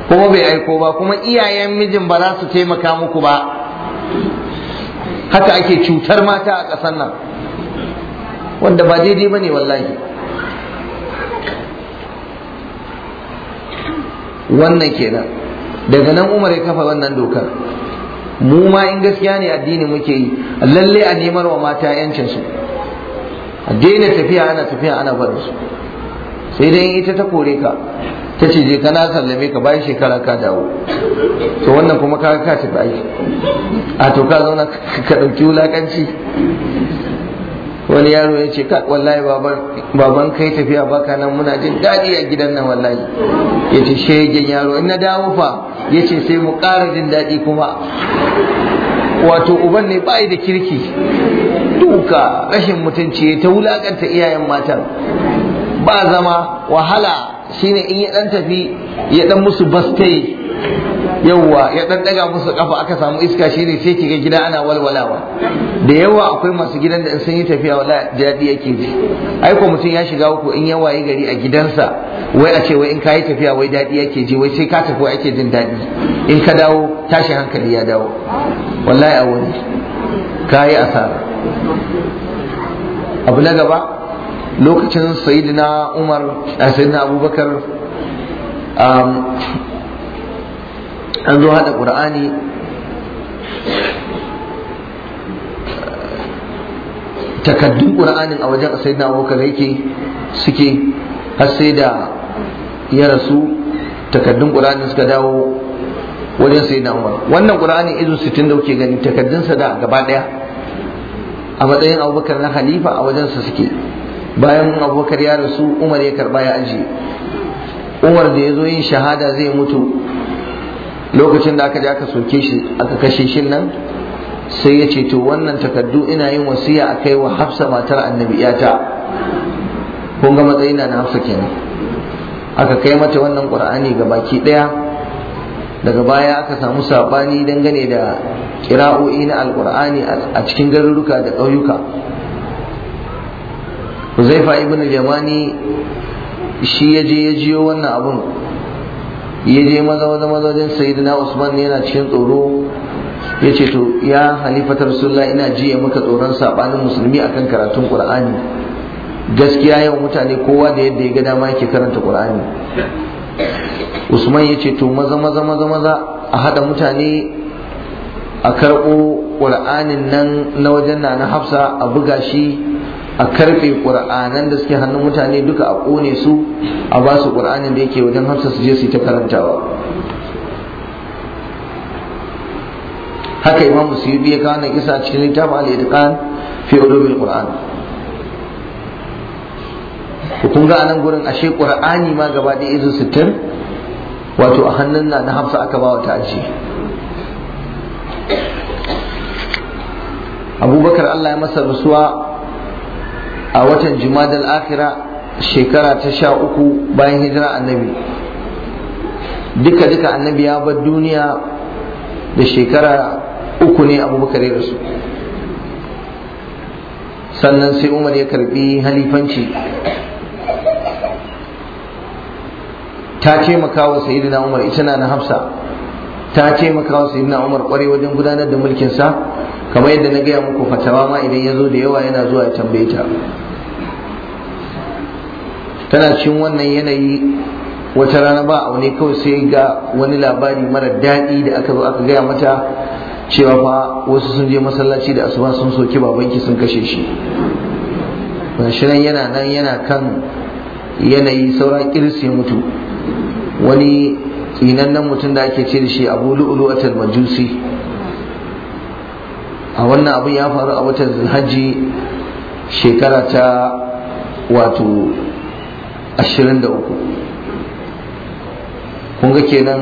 kuma bai aiko ba kuma iyayen mijin ba za su taimaka muku ba haka ake cutar mata a ƙasar nan wanda ba daidai ba ne wallahi wannan kenan daga nan umar ya kafa wannan dokar mu ma in gaskiya ne addini muke yi lalle a nemar wa mata yancin su a daina tafiya ana tafiya ana barin su sai dai ita ta kore ka ta ce je kana sallame ka bayan shekara ka dawo to wannan kuma ka ka aiki a to ka zauna ka dauki wulakanci wani yaro ya ce wallahi baban kai tafiya baka nan muna jin daɗi a gidan nan wallahi ya ce shegen yaro ina dawo fa ya ce sai mu ƙara jin daɗi kuma wato uban ne bayi da kirki duka rashin mutunci ta wulakanta iyayen matan ba zama wahala shine in ya ɗan tafi ya ɗan musu bastai yawwa ya ɗanɗaga musu kafa aka samu iska shine sai kiga gida ana walwalawa da yawa akwai masu gidan da in sun yi tafiya wala daɗi yake ji ai ko mutum ya shiga uku in ya waye gari a gidansa wai a ce wai in kayi tafiya wai daɗi yake ji wai sai ka tafi ake jin daɗi in ka dawo tashi hankali ya dawo wallahi a wani kayi asara abu na gaba lokacin sayyidina umar sayyidina abubakar um, an zo haɗa ƙur'ani takaddun ƙur'anin a wajen sai na abokan yake suke har sai da ya rasu takaddun ƙur'anin suka dawo wajen sai na umar wannan ƙur'anin izu sittin da kuke gani takaddunsa da gaba ɗaya a matsayin abubakar na halifa a wajensa suke bayan abubakar ya rasu umar ya karɓa ya ajiye umar da ya zo yin shahada zai mutu lokacin da aka je aka soke shi aka kashe shi nan sai ya ce to wannan takardu ina yin wasiya a kai wa hafsa matar annabi ta, kun ga matsayin na hafsa kenan aka kai mata wannan qur'ani ga baki daya daga baya aka samu sabani dangane da kira'o'i na alqur'ani a cikin garuruka da ƙauyuka Huzaifa ibn al-Yamani shi ya je ya jiyo wannan abun ya je maza maza mazajin sayyidina usman yana cikin tsoro ya ce to ya halifatar rasulullah ina jiya maka tsoron sabanin musulmi akan karatun qur'ani gaskiya yau mutane kowa da yadda ya ga dama yake karanta qur'ani usman ya ce to maza maza maza maza a hada mutane a karɓo ƙur'anin nan na wajen na na hafsa a buga shi a karfe qur'anan da suke hannun mutane duka a kone su a ba su qur'anin da yake wajen hamsa su je su yi ta karantawa haka imam musulmi ya kawo kisa cikin littafin al fi ulumil qur'an kun ga anan gurin ashe ƙur'ani ma gaba da izu sittin wato a hannun na na hafsa aka ba wata aji abubakar allah ya masa rasuwa a watan jumadal akhira shekara ta sha uku bayan hijira annabi duka duka annabi ya bar duniya da shekara uku ne abubakar ya rasu sannan sai umar ya karbi halifanci ta taimaka wa sayidina umar ita na hafsa ta ce maka wasu ina umar kwarai wajen gudanar da mulkin sa kamar yadda na gaya muku fatawa ma idan ya zo da yawa yana zuwa ya tambaye ta tana cin wannan yanayi wata rana ba aune kawai sai ga wani labari mara daɗi da aka zo aka gaya mata cewa fa wasu sun je masallaci da asuba sun soki babanki sun kashe shi shirin yana nan yana kan yanayi saura kirsi mutu wani nan mutum da ake ce da shi abu lu'ulu'atul majusi a wannan abin ya faru a watan zulhajji shekara ta wato 23 kun ga kenan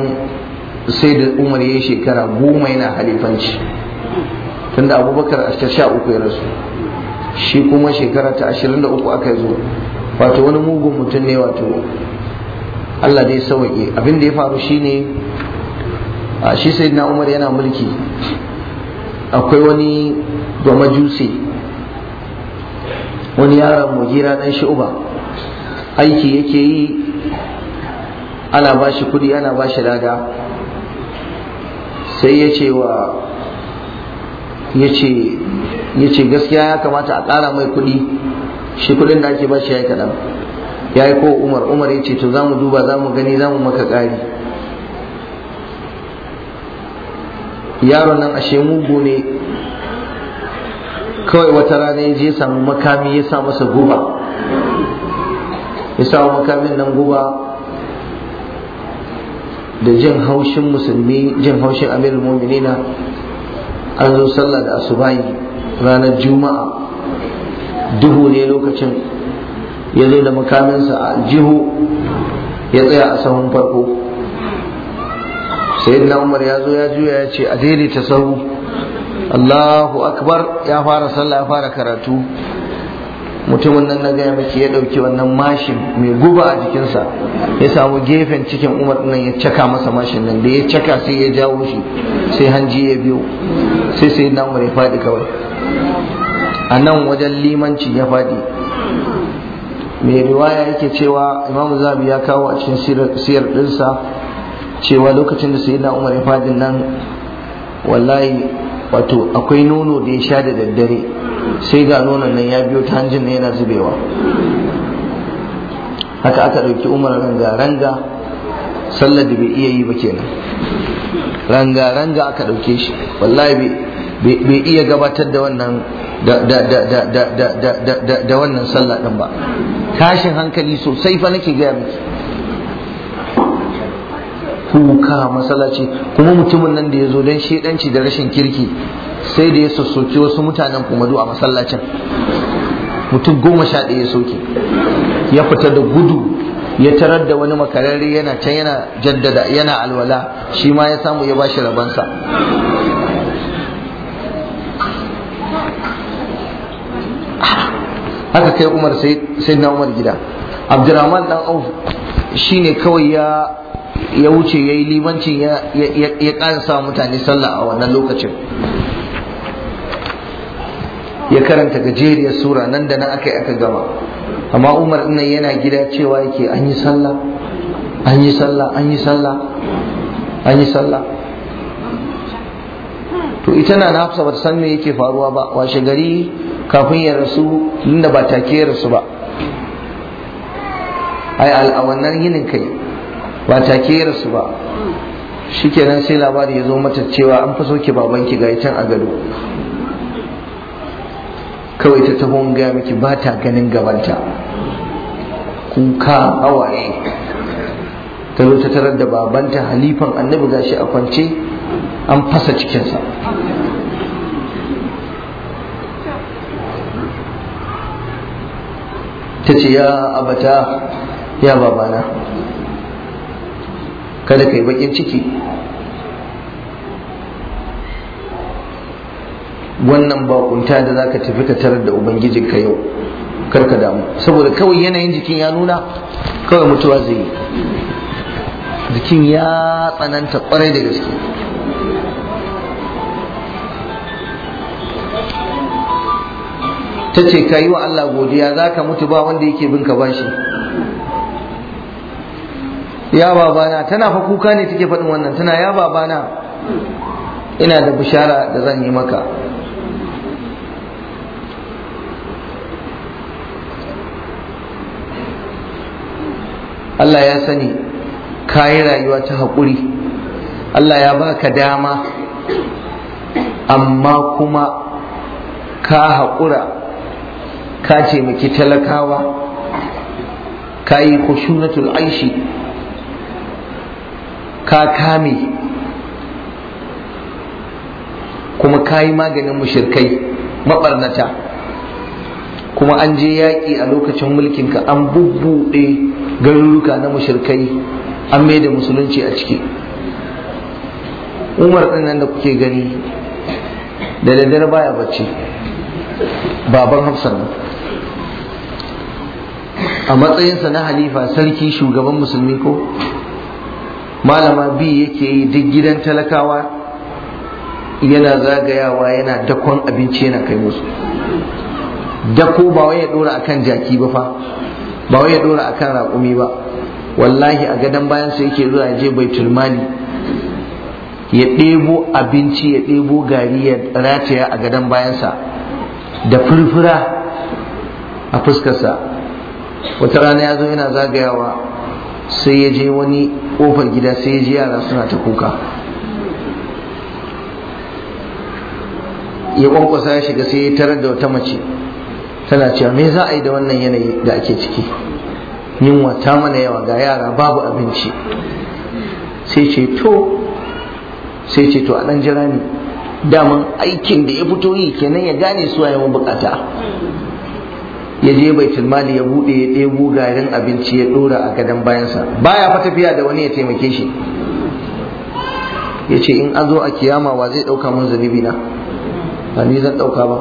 sai da umar ya yi shekara goma yana halifanci tunda abubakar a sha uku ya rasu shi kuma shekara ta 23 aka zo wato wani mugun mutum ne wato Allah zai sauke abin da ya faru shi shine shi na Umar yana mulki akwai wani gwamajuse wani yaron mugira shi uba, aiki yake yi ana ba shi kudi ana ba shi lada sai ya ce wa ya ce gaskiya ya kamata a ƙara mai kudi shi kudin da ake ba shi ya yi kaɗan ya yi ko umar umar ya ce to za mu duba za mu gani za mu maka ƙari yaron nan ashe mugu ne kawai wata rana ya je samu makami ya sa masa guba ya samu makamin nan guba da jin haushin musulmi jin haushin amir muminina an zo sallah da asubahi ranar juma'a duhu ne lokacin ya zo da makaminsa a jihu ya tsaya a sahun farko sayyidina umar ya zo ya juya ya ce a daidaita sahu allahu akbar ya fara sallah ya fara karatu mutumin nan na gaya miki ya ɗauki wannan mashin mai guba a jikinsa ya samu gefen cikin umar nan ya caka masa mashin nan da ya caka sai ya jawo shi sai hanji ya biyo sai sai na umar ya faɗi kawai a nan wajen limanci ya faɗi mai riwaya yake cewa imamu zabi ya kawo a cikin siyar dinsa cewa lokacin da yi umar ya fadin nan wallahi wato akwai nono da ya sha da daddare sai ga nonon nan ya biyo ta hanjin na yana zubewa haka aka ɗauki umar ranga ranga sallar da bai iya yi ba kenan ranga ranga aka ɗauke shi wallahi bai iya gabatar da wannan da wannan sallah ɗin ba tashin hankali sosai fa nake gaya miki kuka masallaci kuma mutumin nan da ya zo don shedanci da rashin kirki sai da ya sassoki wasu mutanen kuma a masallacin mutum goma sha ɗaya ya soke ya fita da gudu ya tarar da wani makararre yana can yana jaddada yana alwala shi ma ya samu ya bashi rabansa aka kai umar sai na umar gida abdurrahman dan auf ne kawai ya ya wuce ya yi limancin ya ƙansa mutane sallah a wannan lokacin ya karanta gajeriyar sura nan da na aka yi aka gama amma umar nan yana gida cewa yake an yi sallah an yi sallah an yi sallah an yi sallah to ita na nafsa ba ta san me yake faruwa ba washe gari kafin ya rasu inda ba take ya rasu ba ai al'awannan yinin kai ba take ya rasu ba shikenan sai labari ya zo mata cewa an faso ki babanki ga can a gado kawai ta taho gaya miki ba ta ganin gabanta kuka hawaye ta zo ta tarar da babanta halifan annabi gashi a kwance an fasa cikinsa ta ce ya abata ya babana kada ka yi bakin ciki wannan bakunta da za ka tafi ka tarar da ubangijin ka yau karka damu saboda kawai yanayin jikin ya nuna kawai mutuwa zai yi jikin ya tsananta kwarai da gaske ta ce ka yi wa Allah godiya za ka mutu ba wanda yake bin ka bashi ya babana tana fa kuka ne take faɗin wannan tana ya babana ina da bishara da zan yi maka Allah ya sani ka yi rayuwa ta hakuri, Allah ya baka dama amma kuma ka haƙura ka ce miki talakawa ka yi kushunatul aishi ka kame kuma ka yi maganin mushirkai maɓarnata kuma an je yaƙi a lokacin mulkinka an bubbuɗe garuruka na mushirkai an mai da musulunci a ciki umar ɗin nan da kuke gani da daddare baya bacci baban hafsan a matsayinsa na halifa sarki shugaban musulmi ko malama bi yake yi duk gidan talakawa yana zagayawa yana dakon abinci yana kai musu dako ba wai ya dora akan jaki ba fa ba wai ya dora akan raƙumi ba wallahi a gadon bayan sai yake zuwa je baitul mali ya ɗebo abinci ya ɗebo gari ya rataya a gadon bayansa da furfura a fuskarsa wata rana ya zo yana zagayawa sai ya je wani kofar gida sai ya ji yara suna ta kuka ya kwankwasa ya shiga sai ya tarar da wata mace tana cewa me za a yi da wannan yanayi da ake ciki yunwa ta mana yawa ga yara babu abinci sai ce to sai ce to a ɗan jira ne, daman aikin da ya fito yi kenan ya gane su yawan bukata ya je baitul mali ya bude ya ɗebo garin abinci ya ɗora a gadon bayansa baya fa tafiya da wani ya taimake shi ya ce in an zo a kiyama wa zai ɗauka mun zunubi na ba ni zan ɗauka ba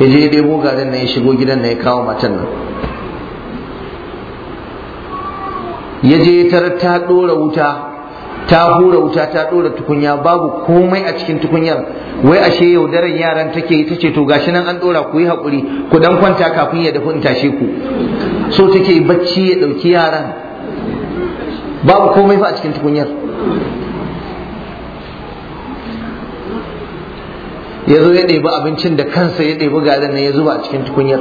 ya je ya ɗebo garin nan ya shigo gidan na ya kawo matan nan ya je tarar ta ɗora wuta ta hura wuta ta ɗora tukunya babu komai a cikin tukunyar wai ashe yaudarar yaran take yi tace to gashi nan an ɗora ku yi hakuri ku dan kwanta kafin ya dafu in tashe ku so take bacci ya ɗauki yaran babu komai fa a cikin tukunyar ya zo ya ɗebi abincin da kansa ya ɗebi garin nan ya zuba a cikin tukunyar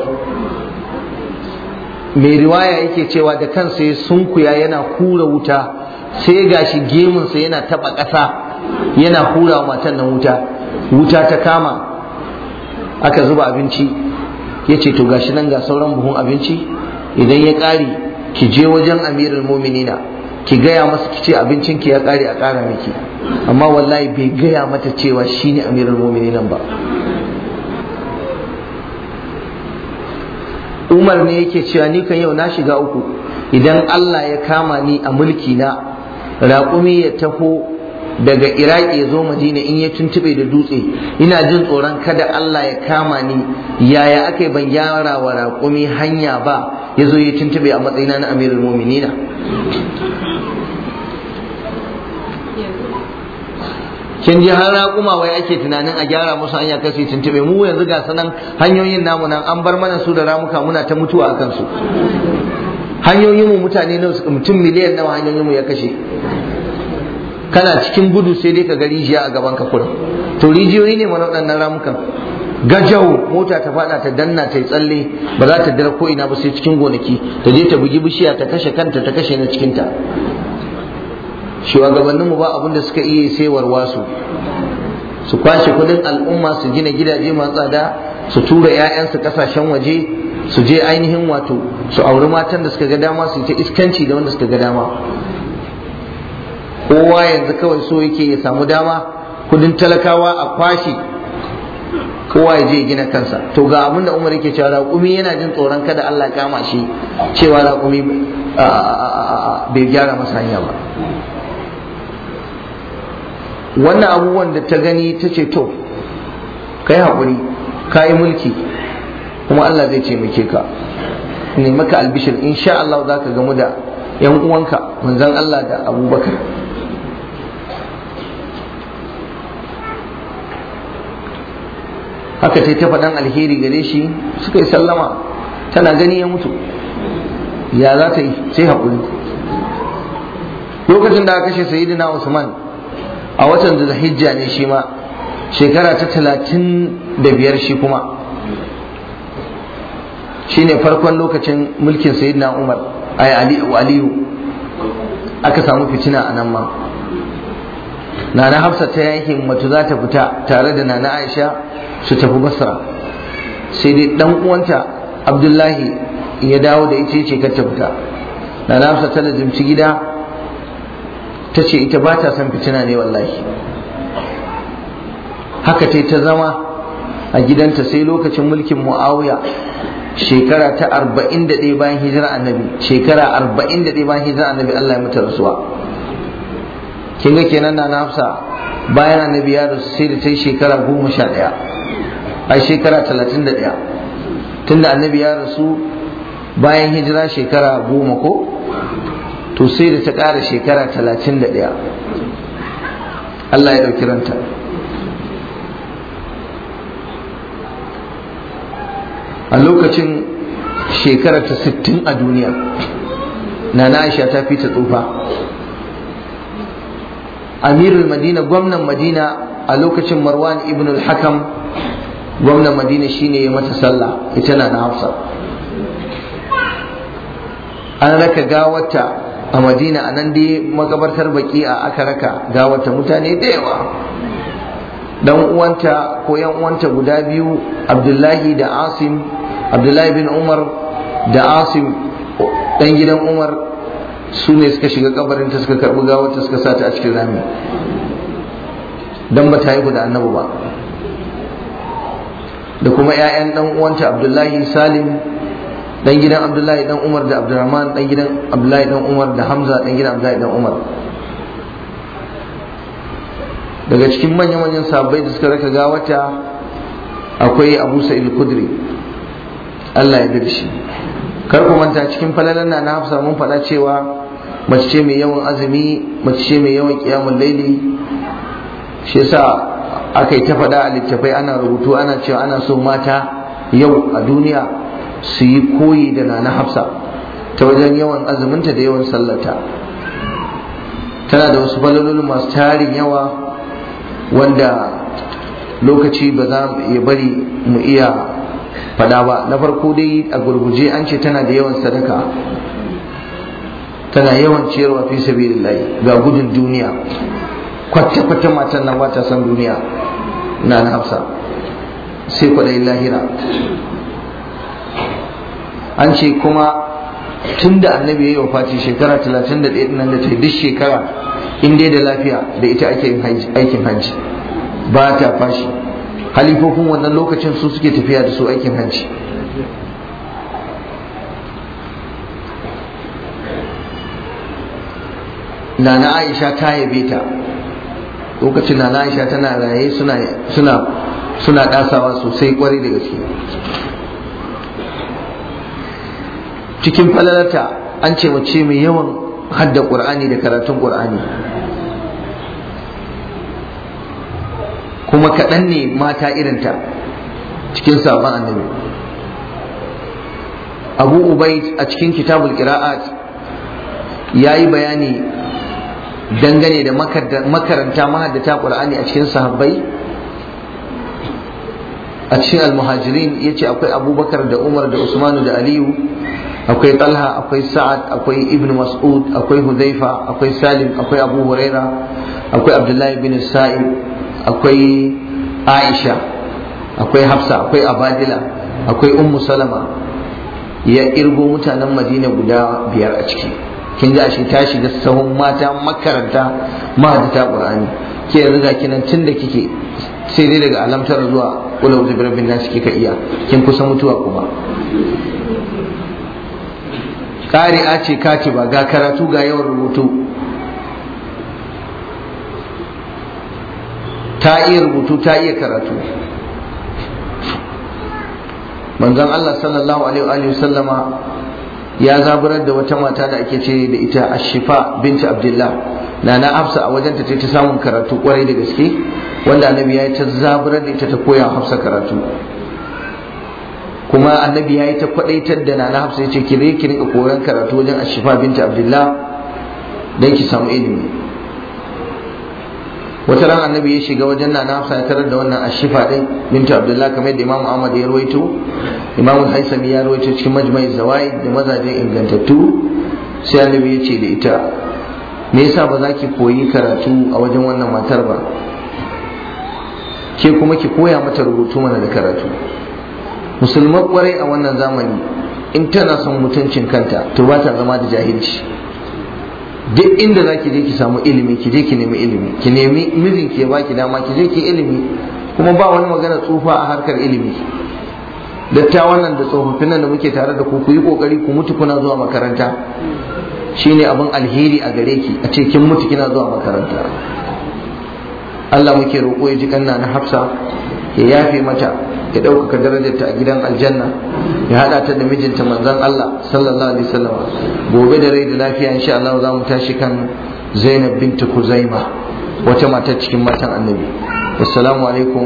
mai riwaya yake cewa da kansa ya sunkuya yana kura wuta sai gashi gemunsa yana taba ƙasa yana hura matan nan wuta wuta ta kama aka zuba abinci yace to gashi nan ga sauran buhun abinci idan ya ƙare ki je wajen amirul muminina ki gaya masa ki ce abincin ki ya ƙare a ƙara miki amma wallahi bai gaya mata cewa shine amirul muminina ba Umar ne yake cewa ni kan yau na shiga uku idan Allah ya kama ni a mulki na raƙumi ya taho daga iraki ya zo madina in ya tuntube da dutse ina jin tsoron kada Allah ya kama ni yaya aka ban gyara wa raƙumi hanya ba ya zo ya tuntube a matsayina na amirul muminina kin ji har raƙuma wai ake tunanin a gyara musu hanya kai su tuntube mu yanzu ga sanan hanyoyin namu an bar mana su da ramuka muna ta mutuwa akan su hanyoyin mu mutane nawa mutum miliyan nawa hanyoyin mu ya kashe kana cikin gudu sai dai ka ga rijiya a gaban ka kurin to rijiyoyi ne mana waɗannan ramukan gajau mota ta fada ta danna ta yi tsalle ba za ta dara ko ina ba sai cikin gonaki ta je ta bugi bishiya ta kashe kanta ta kashe na cikin cikinta shugabannin mu ba abin da suka iya sai warwasu su kwashe kudin al'umma su gina gidaje masu tsada su tura 'ya'yansu kasashen waje su je ainihin wato su auri matan da suka ga dama su ta iskanci da wanda suka ga dama kowa yanzu kawai so yake ya samu dama kudin talakawa a kwashi kowa ya je gina kansa to ga abinda da umar yake cewa raƙumi yana jin tsoron kada Allah kama shi cewa raƙumi bai gyara masa hanya ba wannan abubuwan da ta gani ta ce to kai haƙuri ka yi mulki kuma Allah zai taimake ka ne maka albishir insha Allah za ka gamu da yan uwanka manzon Allah da abubakar haka sai ta faɗan alheri gare shi suka yi sallama tana gani ya mutu ya za ta yi sai haƙuri lokacin da aka kashe sayidina usman a watan da hijja ne shi ma shekara ta talatin da biyar shi kuma shine farkon lokacin mulkin sayyidina umar ay ali aliyu aka samu fitina a nan ma nana hafsa ta yankin mace za ta fita tare da nana aisha su tafi basra sai dai dan uwanta abdullahi ya dawo da ita ce kar ta fita nana hafsa ta lazimci gida ta ce ita ba ta son fitina ne wallahi haka ce ta zama a gidanta sai lokacin mulkin muawiya shekara ta 41 bayan hijira annabi shekara 41 bayan hijira annabi Allah ya mata rasuwa kin ga kenan na Hafsa bayan annabi ya rasu sai da ta yi shekara 11 ai shekara 31 tunda annabi ya rasu bayan hijira shekara 10 ko to sai da ta ƙara shekara 31 Allah ya ɗauki ranta a lokacin shekarar ta 60 a duniya na Aisha ta fi ta tsufa amirul madina gwamnan madina a lokacin marwan ibn al-hakam gwamnan madina shine ya mata sallah ita na hafsa an raka gawarta a madina a nan dai makabartar baki a aka raka gawarta mutane da yawa dan uwanta ko yan uwanta guda biyu abdullahi da asim abdullahi bin umar da asim dan gidan umar su ne suka shiga kabarin ta suka karbi gawar ta suka sata a cikin rami dan ba ta haihu da annabi ba da kuma 'ya'yan dan uwanta abdullahi salim dan gidan abdullahi dan umar da abdurrahman dan gidan abdullahi dan umar da hamza dan gidan abdullahi dan umar daga cikin manyan manyan sabbai da suka raka gawata akwai abu sa'id kudri Allah ya da shi kar ku manta cikin falalan na na hafsa mun faɗa cewa mace ce mai yawan azumi mace ce mai yawan kiyamul laili shi yasa aka yi ta faɗa a littafai ana rubutu ana cewa ana so mata yau a duniya su yi koyi da na hafsa ta wajen yawan azuminta da yawan sallata tana da wasu falalolin masu tarin yawa wanda lokaci ba za mu iya bari mu iya faɗa ba na farko dai a gurguje an ce tana da yawan sadaka tana yawan ciyarwa fi sabilillahi ga gudun duniya kwata-kwata matan nan ba san duniya na na hafsa sai kwaɗayin lahira an ce kuma tun da annabi ya yi wafati shekara 31 nan da ta duk shekara in dai da lafiya da ita ake aikin hajji ba ta fashi halifofin wannan lokacin su suke tafiya da su aikin hanci nana aisha ta yabe ta lokacin nana aisha tana raye suna ɗasawa kasawa sosai kwarai da gaske cikin falalata an ce mace mai yawan hadda ƙur'ani da karatun ƙur'ani kuma kaɗan ne mata irinta cikin sabon annabi abu ubaid a cikin kitabul qira'at ya yi bayani dangane da makaranta mahaddata qur'ani a cikin sahabbai a cikin almuhajirin ya ce akwai abubakar da umar da usmanu da aliyu akwai talha akwai sa'ad akwai ibn mas'ud akwai huzaifa akwai salim akwai abu huraira akwai abdullahi bin sa'id akwai aisha akwai hafsa akwai abadila akwai ummu salama ya kirgo mutanen madina guda biyar a ciki kin ga shi ta shiga sahun mata makaranta mahadata qur'ani ke riga kinan tun da kike sai dai daga alamtar zuwa kula wuzu birabbin nasu kika iya kin kusa mutuwa kuma ƙari'a ce ba ga karatu ga yawan rubutu ta iya rubutu ta iya karatu manzon Allah sallallahu alaihi wa sallama ya zaburar da wata mata da ake ce da ita ashifa binti abdullah na na hafsa a wajen ta ta samun karatu kwarai da gaske wanda annabi ya yi ta zaburar da ita ta koya hafsa karatu kuma annabi ya yi ta kwadaitar da nana hafsa ya ce ki rinka koran karatu wajen ashifa binti abdullah don ki samu ilimi wata ran annabi ya shiga wajen na na hafsa ya tarar da wannan ashifa din bintu abdullah kamar yadda imamu ahmad ya ruwaito imamu haisami ya ruwaito cikin majmai zawai da mazajen ingantattu sai annabi ya ce da ita me yasa ba za ki koyi karatu a wajen wannan matar ba ke kuma ki koya mata rubutu mana da karatu musulman kwarai a wannan zamani in tana son mutuncin kanta to ba ta zama da jahilci duk inda za ki je ki samu ilimi ki je ki nemi ilimi ki nemi mijin ki ya baki dama ki je ki ilimi kuma ba wani magana tsufa a harkar ilimi dattawan nan da tsofaffin nan da muke tare da ku ku yi kokari ku mutu kuna zuwa makaranta shine abin alheri a gare ki a ce kin mutu kina zuwa makaranta Allah muke roƙo ya ji kanna na Hafsa ya yafe mata ya ɗaukaka darajar ta a gidan aljanna ya haɗa ta da mijinta manzon Allah sallallahu alaihi wasallam gobe da rai da lafiya insha Allah za mu tashi kan Zainab bint Kuzaima wata mata cikin matan annabi assalamu alaikum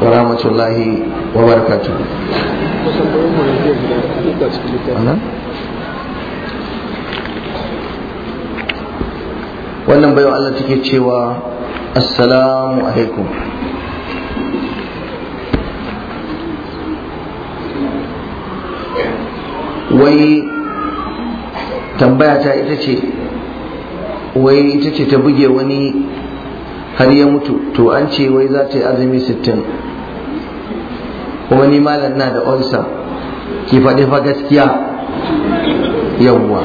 wa rahmatullahi wa barakatuh wannan baiwa Allah take cewa assalamu alaikum wai tambaya ta ita ce wai ita ce ta buge wani har ya mutu to an ce wai za ta yi azumi sittin kuma ni malam na da olsa ki faɗi fa gaskiya yawwa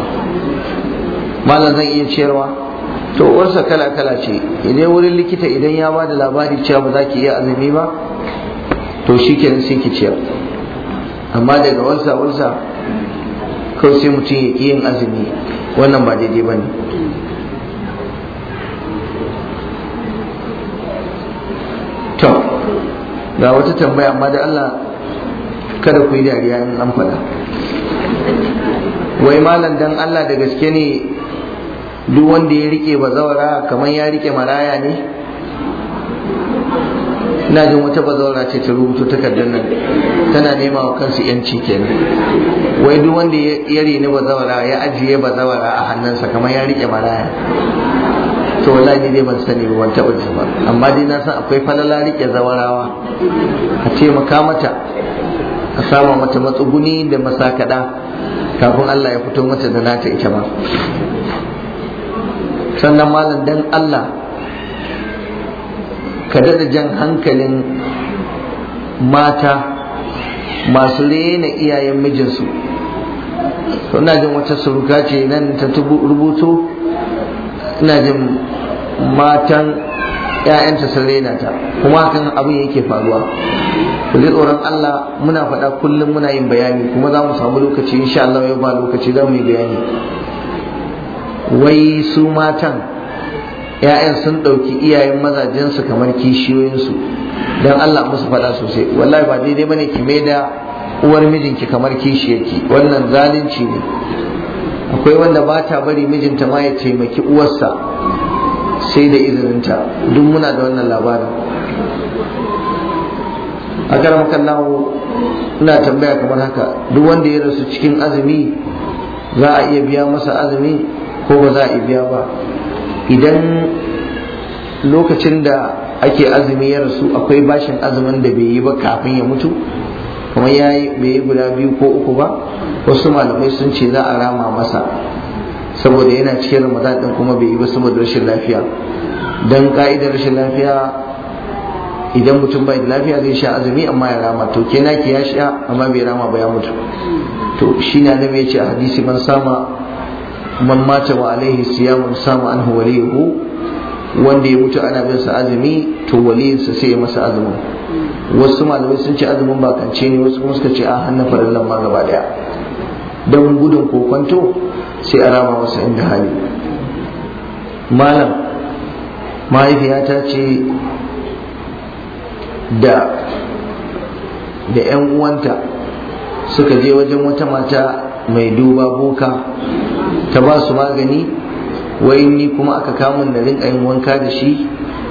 malam zan iya ciyarwa to olsa kala kala ce idan wurin likita idan ya ba da labari cewa ba za ki iya azumi ba to shi kenan sai ki ciyar amma daga olsa olsa kawai sai mutum ya yin azumi wannan ba daidai ba ne to ga wata tambaya amma da Allah kada ku yi dariya in an faɗa wai malam dan Allah da gaske ne duk wanda ya rike bazawara kamar ya rike maraya ne ina jin wata bazawara ce ta rubuto takardar nan tana nema wa kansu yanci kenan wai duk wanda ya ba zawara ya ajiye zawara a hannunsa kamar ya rike maraya to wallahi dai ban sani ba ban taɓa ji ba amma dai na san akwai falala rike zawarawa a ce maka mata a sama mata matsuguni da masakada kafin Allah ya fito mata da nata ita ba sannan malam dan Allah ka daɗa jan hankalin mata masu rena iyayen mijinsu ina jin wata suruka ce nan ta rubuto ina jin matan ‘ya'yanta sun rena ta kuma hakan abin yake faruwa ku ji tsoron Allah muna faɗa kullum muna yin bayani kuma za mu samu lokaci insha Allah yau ba lokaci za mu yi bayani wai su matan 'ya'yan sun ɗauki iyayen mazajensu kamar kishiyoyinsu don Allah musu faɗa sosai wallahi ba daidai bane ki mai da uwar mijinki kamar kishiyarki wannan zalunci ne akwai wanda ba ta bari mijinta ma ya taimaki uwarsa sai da izininta duk muna da wannan labarin a karamakan nawo ina tambaya kamar haka duk wanda ya rasu cikin azumi za a iya biya masa azumi ko ba za a iya biya ba idan lokacin da ake azumi ya rasu akwai bashin azumin da bai yi ba kafin ya mutu kuma ya yi bai yi guda biyu ko uku ba wasu malamai sun ce za a rama masa saboda yana cikin ramadan din kuma bai yi ba saboda rashin lafiya Don ka'idar rashin lafiya idan mutum bai da lafiya zai sha azumi amma ya rama to kenan ki ya sha amma bai rama ba ya mutu to shi na ya ce a hadisi man sama man mata wa alaihi siyamun sama an waliyuhu wanda ya mutu ana bin sa azumi to waliyinsa sai ya masa azumin wasu malamai sun ce azumin bakance ne wasu kuma suka ce a hannun farallan ma gaba daya don gudun kokonto sai a rama masa inda hali malam mahaifiyata ce da da 'yan uwanta suka je wajen wata mata mai duba boka ta ba su magani wai ni kuma aka kamun da rinka yin wanka da shi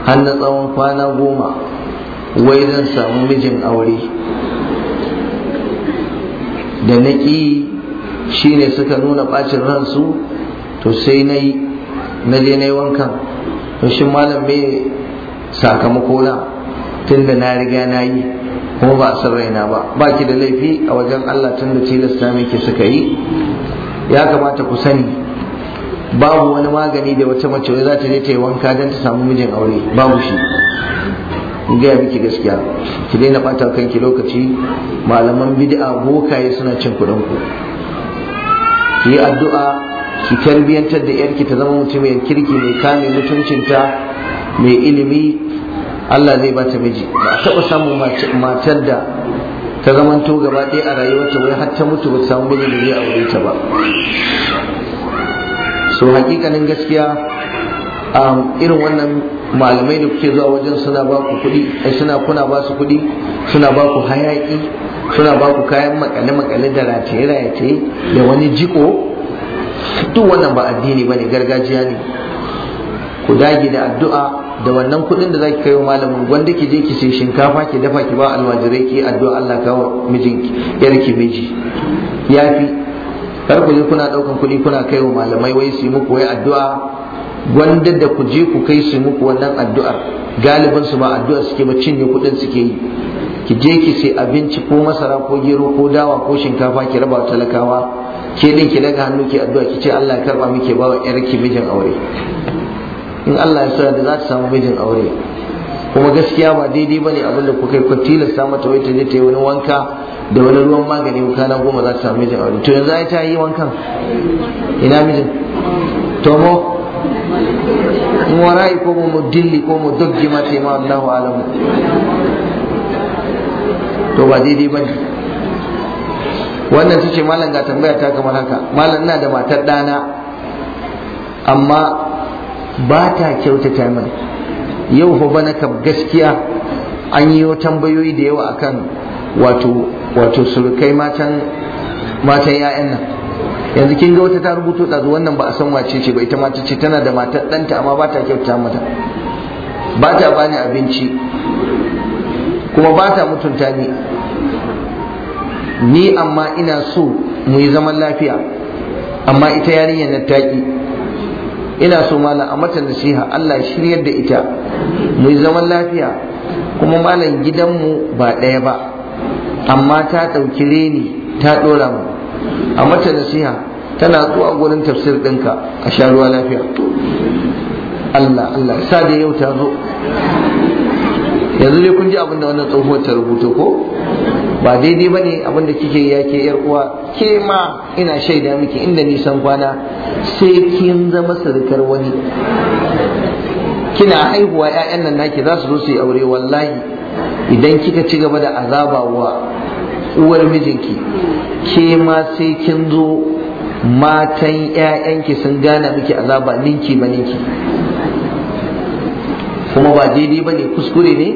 har na tsawon kwana goma wai zan samu mijin aure da na ƙi shi ne suka nuna ɓacin ransu to sai na yi na je na yi wankan to shi malam me sakamakona, na tun da na riga na yi kuma ba san raina ba ba ki da laifi a wajen Allah tun da tilasta miki suka yi ya kamata ku sani babu wani magani da wata mace za ta je ta yi wanka don ta samu mijin aure babu shi gaya miki gaskiya ki daina bata kanki lokaci malaman bid'a bokaye suna cin kuɗin ku ki yi addu'a ki tarbiyyantar da yarki ta zama mutum mai kirki mai kame mutuncinta mai ilimi Allah zai ba ta miji ba a taɓa samun matar da ta zamanto gaba ɗaya a rayuwarta wai har ta mutu ba ta samu miji da zai aure ta ba so hakikanin gaskiya um, irin wannan malamai da kuke zuwa wajen suna ba ku kuɗi suna kuna ba su kuɗi suna ba ku hayaƙi suna ba ku kayan makale-makale da rataye-rataye da wani jiko duk wannan ba addini ba ne gargajiya ne ku dage da addu'a da wannan kuɗin da zaki kaiwa malamin gwanda ki je ki sai shinkafa ki dafa ki ba almajirai ki addu'a Allah kawo mijinki yarki miji yafi kar ku je kuna ɗaukan kuɗi kuna kaiwa malamai wai su muku wai addu'a gwanda da ku je ku kai su muku wannan addu'ar galibin su ba addu'ar suke ba cinye kuɗin suke yi ki je ki sai abinci ko masara ko gero ko dawa ko shinkafa ki raba talakawa ke din ki daga hannu ki addu'a ki ce Allah ya karba miki bawa yarki mijin aure in Allah ya so da za ta samu mijin aure kuma gaskiya ba daidai ba ne abinda kuka yi kwatila tilasta mata wai ta je ta yi wani wanka da wani ruwan magani wuka na goma za ta samu mijin aure to yanzu ai ta yi wankan ina mijin to mu warai ko mu dilli ko mu dogge yi ma Allahu alamu to ba daidai ba ne. wannan tace malam ga tambaya ta kamar haka malam ina da matar dana amma ba ta kyautata mana yau fa bana ka gaskiya an yi tambayoyi da yawa akan wato wato surukai matan matan ya'yan nan yanzu kin ga wata ta rubuto ɗazu wannan ba a san wace ce ba ita mata ce tana da matar ɗanta amma ba ta kyautata mata ba ta bani abinci kuma ba ta mutunta ni ni amma ina so mu yi zaman lafiya amma ita yarinyar na taƙi ina so malam a mata nasiha Allah ya shiryar da ita mu zaman lafiya kuma malam gidanmu ba ɗaya ba amma ta ɗauki reni ta ɗora mu a mata nasiha tana zuwa gurin tafsir ɗinka a sha ruwa lafiya Allah Allah sa da yau ta zo yanzu dai kun ji abin da wannan tsohuwar ta rubuta ko ba daidai ba ne abinda kike ya ke yar uwa ke ma ina shaida miki inda nisan kwana sai kin zama surukar wani kina haihuwa 'ya'yan nan naki za su zo su yi aure wallahi idan kika ci gaba da azaba wa uwar mijinki ke ma sai kin zo matan 'ya'yanki sun gana miki azaba ninki ba ninki kuma ba daidai ba ne kuskure ne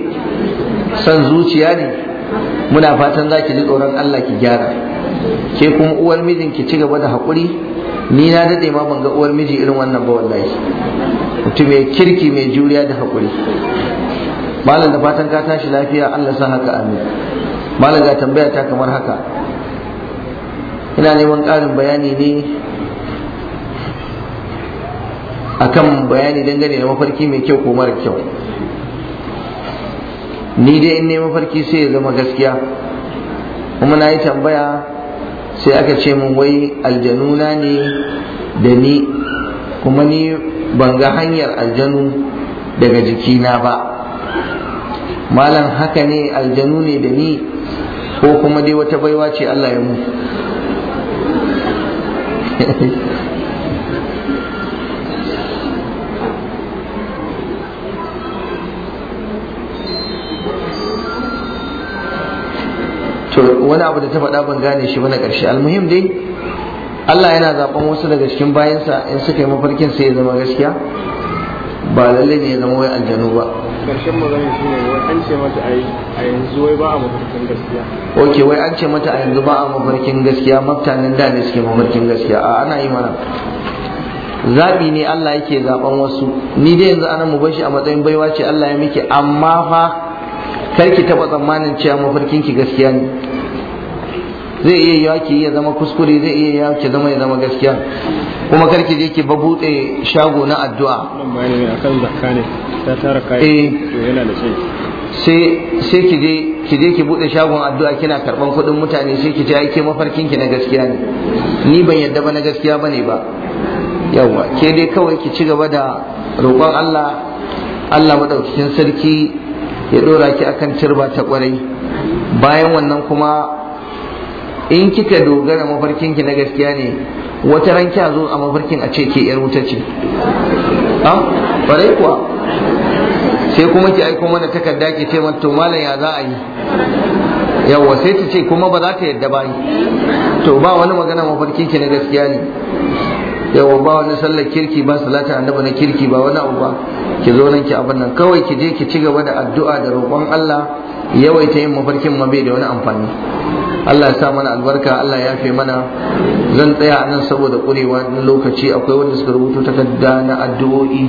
san zuciya ne muna fatan za ki ji tsoron Allah ki gyara ke kuma uwar mijin ki ci gaba da hakuri? ni na dade ma ban ga uwar miji irin wannan ba wallahi mutum mai kirki mai juriya da hakuri. malam da fatan ka tashi lafiya Allah sa haka amin malam ga tambaya ta kamar haka ina neman ƙarin bayani ne akan bayani dangane da mafarki mai kyau ko mara kyau ni dai in ne mafarki sai ya zama gaskiya kuma na yi tambaya sai aka ce min wai aljanuna ne da ni kuma ni ban ga hanyar aljanu daga jikina ba malam haka ne aljanu ne da ni ko kuma dai wata baiwa ce Allah ya mu to wani abu da ta faɗa ban gane shi ba na ƙarshe almuhim dai Allah yana zaɓen wasu daga cikin bayansa in suka yi mafarkin sai ya zama gaskiya ba lalle ne ya zama wai aljanu ba ƙarshen magana shi ne wai an ce mata a yanzu wai ba a mafarkin gaskiya ok wai an ce mata a yanzu ba a mafarkin gaskiya maftanin da ne suke mafarkin gaskiya a ana yi mana zaɓi ne Allah yake zaɓen wasu ni dai yanzu ana mu bashi a matsayin baiwa ce Allah ya miki amma fa karki taba tsammanin cewa mafarkin ki gaskiya ne zai iya yawa ki iya zama kuskure zai iya yawa ki zama ya zama gaskiya kuma karki je ki babuɗe shago na addu'a eh. sai ki je ki je ki bude shagon addu'a kina karban kuɗin mutane sai ki je ke mafarkin ki na gaskiya ne ni ban yadda ba na gaskiya bane ba yawa ke dai kawai ki ci gaba da roƙon Allah Allah madaukakin sarki ya dora ki akan cirba ta kwarai bayan wannan kuma in kika dogara mafarkin ki na gaskiya ne wata ran kya zo a mafarkin a ce ke yar wuta ce Ah, kwarai kuwa sai kuma ki aiko mana takarda ki ce mata malam ya za a yi yawa sai ta ce kuma ba za ta yadda ba to ba wani magana mafarkin ki na gaskiya ne yawa ba wani sallar kirki ba salata annabi na kirki ba wani abu ba ki zo nan ki abin nan kawai ki je ki ci gaba da addu'a da roƙon Allah yawaita yin mafarkin mabe da wani amfani Allah ya sa mana albarka Allah ya yafe mana zan tsaya a nan saboda kurewa na lokaci akwai wanda suka rubuto takarda na addu'o'i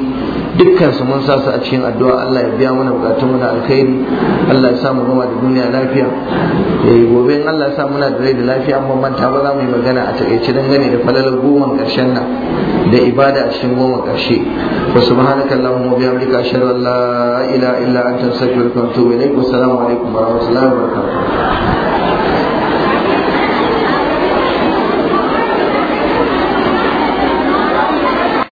dukkan su mun sa su a cikin addu'a Allah ya biya mana bukatun mu na alkhairi Allah ya sa mu gama da duniya lafiya eh gobe Allah ya sa muna da rai da lafiya amma manta ba za mu yi magana a takaice dangane da falalar goma karshen nan da ibada a cikin goma karshe wa subhanaka allahumma wa bihamdika ashhadu an la ilaha illa anta astaghfiruka wa atubu ilaik wa assalamu alaikum wa rahmatullahi wa barakatuh